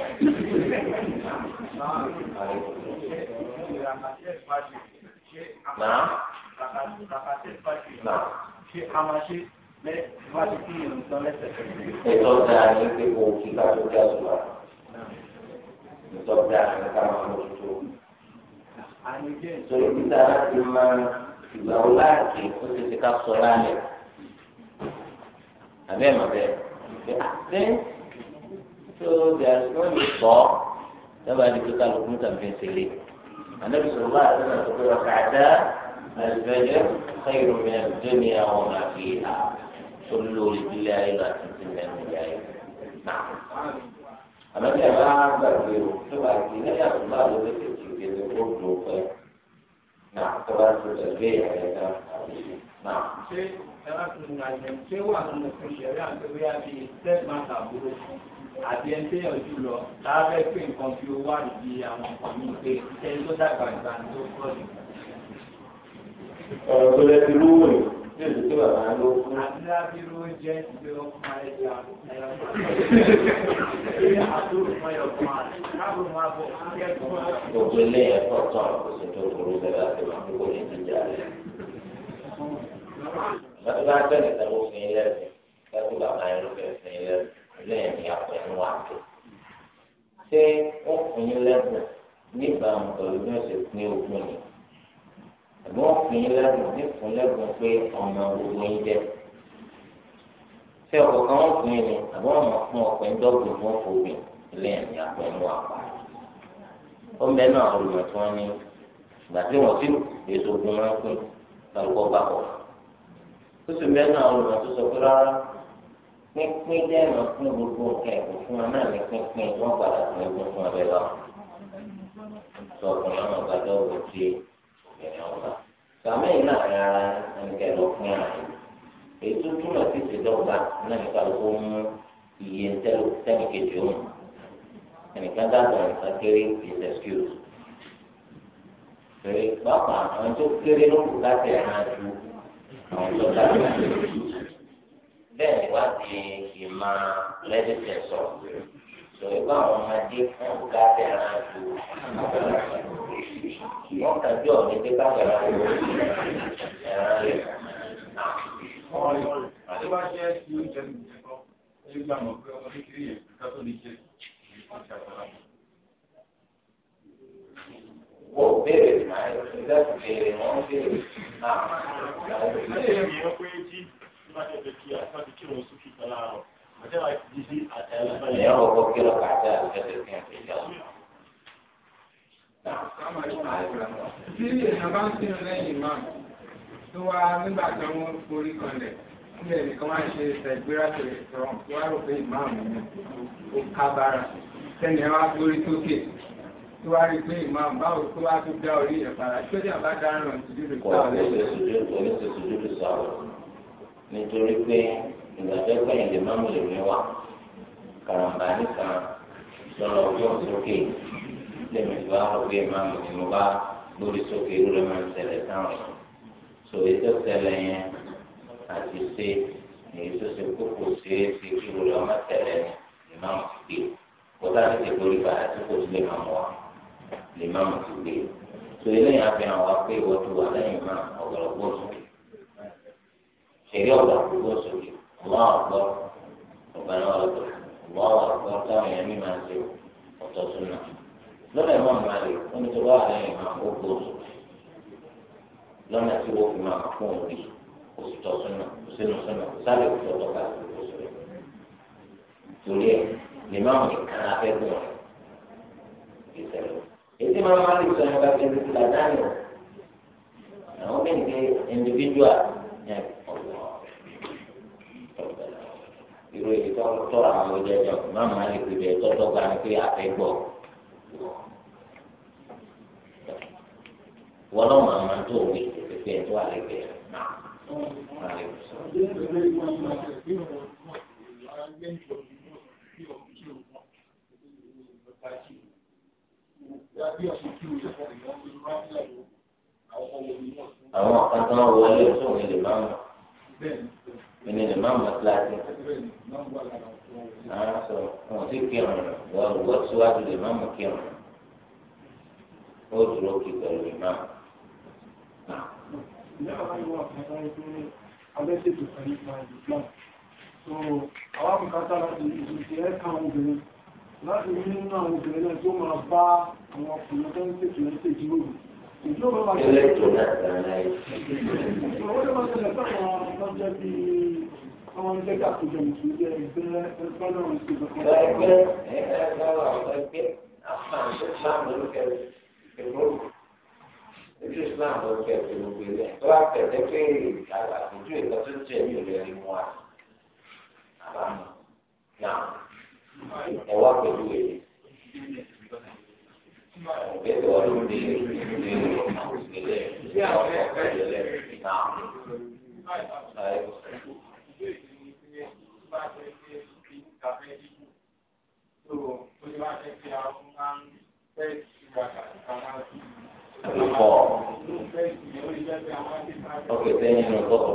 S1: Nàá. Nàá ètò ọ̀dà ni pé kò kí ká tó dá sùn wá ètò ọ̀dà ni ká máa mú tó. sọ̀rọ̀ títà láti máa ìgbà wo láàkì ó ti ti ká sọ lálẹ́ àbẹ́ màbẹ́ ṣé tó dà wọ́n lè sọ dábàá ní kíkà lókun tàbí ṣẹlẹ̀ ànábi sọ̀rọ̀ bá àti náà tó kọ́ ọ̀kadà àlùfẹ́jẹ́ kẹ́yìn omi àlùjẹ́ ni àwọn àfihàn tó lórí ilé ayé náà ti ti mẹ́rin ilé ayé náà. àmọ́ bí ẹ̀rọ á gbàgbé o tó bá ti lẹ́yìn àtúntà ló lè tètè gbé ní kó dùn ó pẹ́. náà tó bá ti lè gbé ìyàrá náà àwùjọ náà. ṣé ẹ̀rọ tó ń ra ẹ̀jẹ̀ ṣé wà nínú fún ìṣẹ̀rí àgbẹ̀wé àbí tẹ́gbọ̀n àbúrò àti ẹni tẹ́yọ̀ jù lọ lábẹ́ pé nǹkan fi owó àdìdí àwọn ọkọ̀ yìí pé ẹni tó dàgbà ìgbà tó kọ́ ọ̀rọ̀ tó lẹ́ ti lówó yìí bí o ti bàbá ló fún. Adúlábíró jẹ́ ìgbé ọkùnrin ayẹyẹ àyọkùnrin. Àdúrà máa yọ fún wa. Káàbù máa bọ̀ kẹ́kọ̀ọ́. Gbogbo ilé ẹ̀kọ́ tó àwọn kò sí tó burú bẹ́ẹ̀ láti máa kó ní jíjà rẹ̀. Bàbá bẹ̀rẹ̀ sẹ́wọ́ fún ilé rẹ̀. Kẹ́kù bàbá yẹn ló bẹ̀rẹ̀ fún ilé rẹ̀. Ilé ẹ̀mí àpẹẹrẹ wà tó. Ṣé ó fún yín lẹ́bùn níbàámu pẹ̀lú bí wọ́n ṣe pín àmọ́ ọ̀fìn lẹ́gùn nífun lẹ́gùn pé ọmọ gbogbo yín jẹ́ fẹ́ ọ̀kan ọ̀fìn ni àbọ̀ ọmọ fún ọ̀pẹ̀ ńdọ́gbìn fún ọ̀fìn ilé ẹ̀mí àpá ó mẹ́nu àwọn olùmọ̀tún wọn ní ìgbà tí wọ́n na èso ogun máa ń pín lọ́wọ́ bá ó sì ẹ̀yìn ọ̀la sàmì iná ara ẹnìkẹ́ lọ fún yàrá yìí ètò túmọ̀ sí ìṣèjọba náà nípa lóko mú iye tẹ́nìkejì òun ẹnìkan dàgbà nǹkan kéré is excuse pẹ̀lú pápá àwọn tó kéré ló kù láti ẹ̀hán ju àwọn tó dàgbà bẹ́ẹ̀ ni wá di ìmọ̀ lẹ́díṣẹ̀ sọ̀rọ̀ pẹ̀lú pápá àwọn ọmọdé fún kù láti ẹ̀hán ju àwọn tó dàgbà wọ́n tàbí ọ̀rẹ́ pé káwọn ẹ̀rọ ẹ̀rọ ayé wọ́n. àti wá ń dẹ́kun béèrè wọ́n ń náà. Ilé ìyẹn mọ̀ pé jí má ṣe kí àtàkì kí wọ́n sún kíkà láàárọ̀. Àjẹ́ wa ti di sí àtàlẹ́ báyìí. ọkọ̀ kí lọ́kà àjẹ́ àti ẹ̀sẹ̀ kí wọ́n ti jẹun. Tí èèyàn bá ń sínú lẹ́yìn máa tó wá nígbà tí wọ́n forí kanlẹ̀, nílẹ̀ nìkan máa ń ṣe ṣẹ̀gbéra tẹ̀lé sọ̀rọ̀ wá rò pé ìmáàmù ni ó kábára. Tẹ́lẹ̀ ẹ wá forí sókè tó wá rí pé ìmáàmù báwo tó wá tó dá orí ẹ̀ padà. Ṣé ìyá bá dáràn ti dúró sáà lẹ́yìn? Kò ní ṣe sùdúrù nítorí pé ìgbàjọ́ mùsùlùmí bá orí ìmáàmù ni mo bá gbórí sókè irú rẹ̀ máa ń ṣẹlẹ̀ táwọn yẹn so èyí tó ṣẹlẹ̀ yẹn àti ṣe èyí tó ṣe kókò ṣeé ṣe kí irú rẹ̀ ọmọ ṣẹlẹ̀ ni ìmáàmù ti gbé kódà ní ti gbórí bàtà tí kò sí lè máa mọ̀ wá lè máàmù ti gbé so eléyìí àfihàn wa pé ìwọ tó wà lẹ́yìn máa ọ̀gọ̀rọ̀gbọ̀ sókè ṣèlú ọ̀gọ̀rọ̀gbọ̀ sókè lọ́nà ìmọ̀ màálì wọ́n ní tó bá wà lẹ́yìn máa kó gbòòrò lọ́nà tí wọ́n fi máa fún òun rí oṣù tó sọ́nà sínú sọ́nà sábẹ́ òṣù tó bá oṣù rẹ̀ torí ẹ̀ lè má wọn kàn án fẹ́ gbọ́n ìṣẹ̀lẹ̀ èyí máa máa lè sọ ẹni bá fẹ́ẹ́ ti lànà yọ àwọn bí nìkan individual ẹ̀ ọ̀gbọ̀n ìròyìn tó tọ́ra àwọn ọjọ́ ẹ̀jọ̀ má máa lè pè bẹ́ẹ̀ tọ́tọ́ gba ni pé àfẹ́ gbọ́ wọ́n náà tó òwe pépé tó wà àwọn kan wọlé tó ń lè máa mọ̀ ẹni lè má mọ síláàtì àwọn sọ wọn sì kírun wọn wọ́n síwájú lè má mọ kírun ó dúró láti ìṣẹ̀lẹ̀ nínú àwọn obìnrin náà tó máa bá àwọn ọkùnrin tó ń tètè ń tètè lóòrùn elétò ẹ̀wá pẹ̀lú èyí ètò ọdún ní ìlú ìpínlẹ̀ ìjọba ìpínlẹ̀ náà. Olùkọ́ ọ̀kẹ́ sẹ́yìn ní ọkọ̀.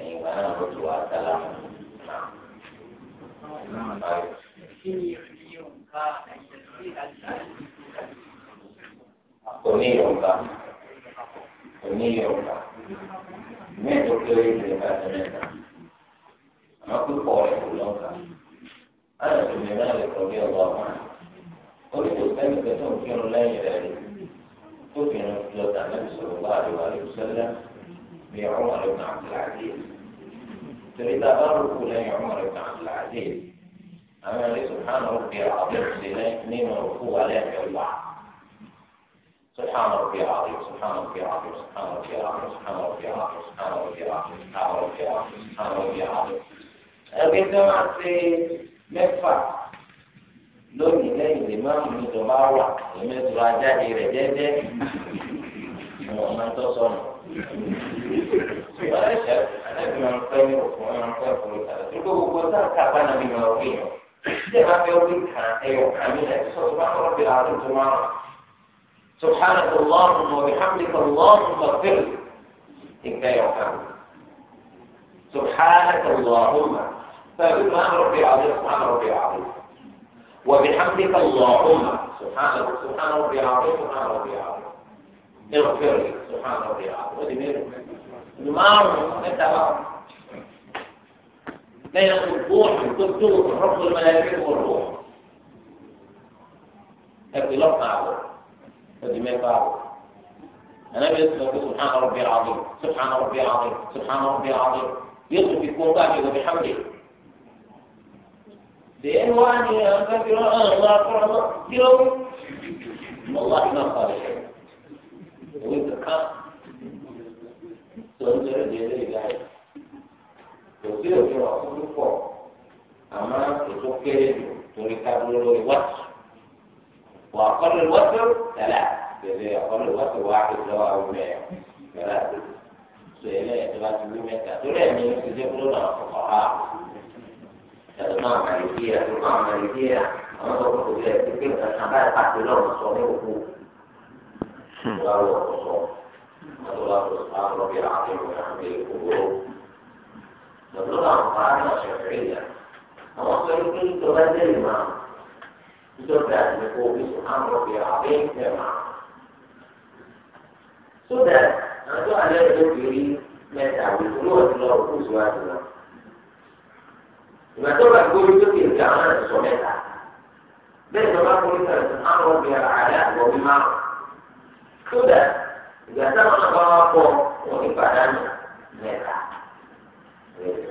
S1: ẹ̀yìn ìgbà náà ló ti wá sálámù náà. Oní Yorùbá oní Yorùbá mẹ́tò kéré ìgbè káàtó mẹ́ta àwọn pípọ̀ ẹ̀kọ́ lọ́ka láti ọ̀dọ̀ mẹ́ta lè kọ́ bí ọba ọ̀hún orí tó sẹ́yìn pẹ̀tọ́ òfin lẹ́yìn rẹ̀ tó fi hàn lọ́ta mẹ́tò sọ̀rọ̀ bá àdúrà rẹ̀ sẹ́lẹ̀. لعمر بن عبد العزيز
S2: فإذا بر إلي عمر
S1: بن عبد العزيز أما سبحان ربي العظيم لنين ركوع لا الله سبحان ربي العظيم سبحان ربي العظيم سبحان ربي العظيم سبحان ربي العظيم سبحان ربي العظيم سبحان ربي العظيم سبحان ربي العظيم أبي سمع في مدفع lórí lẹ́yìn lè máa mú tó bá wà èmi tó ajáde سبحانك اللهم وبحمدك اللهم اغفر لي إنك يرحمك سبحانك اللهم فسبحان ربي العظيم سبحان ربي العظيم وبحمدك اللهم سبحان سبحان ربي العظيم سبحان ربي العظيم اغفر لي سبحان ربي العظيم لمارو متى بين الروح والكتب والروح والملائكة والروح لكن لو قعدوا فبما يفعلوا أنا بيسمع سبحان ربي العظيم سبحان ربي العظيم سبحان ربي العظيم يطلب في قوته وبحمده لأنه أنا أفكر أنا الله أكبر الله يوم والله ما قال شيء وإذا كان tòun lè lè lè ga yìí kò sí òfin ọ̀fun púpọ̀ àmọ́ ètò kéré jù torí kábúrò lórí wáṣọ wà ọ̀kọ́lẹ̀ wáṣọ tẹ̀lé tẹ̀lé ọ̀kọ́lẹ̀ wáṣọ wà á kéde lọ́wọ́ àwọn mẹ́ẹ̀ tẹ̀lé tẹ̀lé ìjọba ti wí mẹ́ta torí ẹ̀mí ti dé kúrò náà kọ̀kọ̀ ha ẹ̀rọ náà màlìkí ẹ̀rọ náà màlìkí ẹ̀ àwọn tó kọ̀ tó yẹ kékeré kan náà báyìí pàṣẹ lọ́wọ́ sọ ní òkú ìwà lọ́wọ́ sọ. الله سبحانه ربي العظيم وتحمل القلوب نظرنا قاعدة شرعية أوصل كل تبدل ما تبدأ بقوة سبحان ربي العظيم كما سودة أنتو على الجبري ما تعبي قلوة سبحان ربي العلاء وبما سودة ìgbà táwọn bá wà pọ̀ wọn ní pàdánù mẹ́ta. Gracias.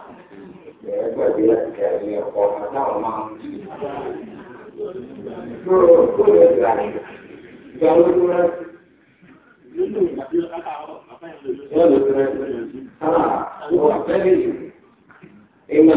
S1: 也个别改变我们那么，就不能这样，假如说，假如说，啊，我这里，因为。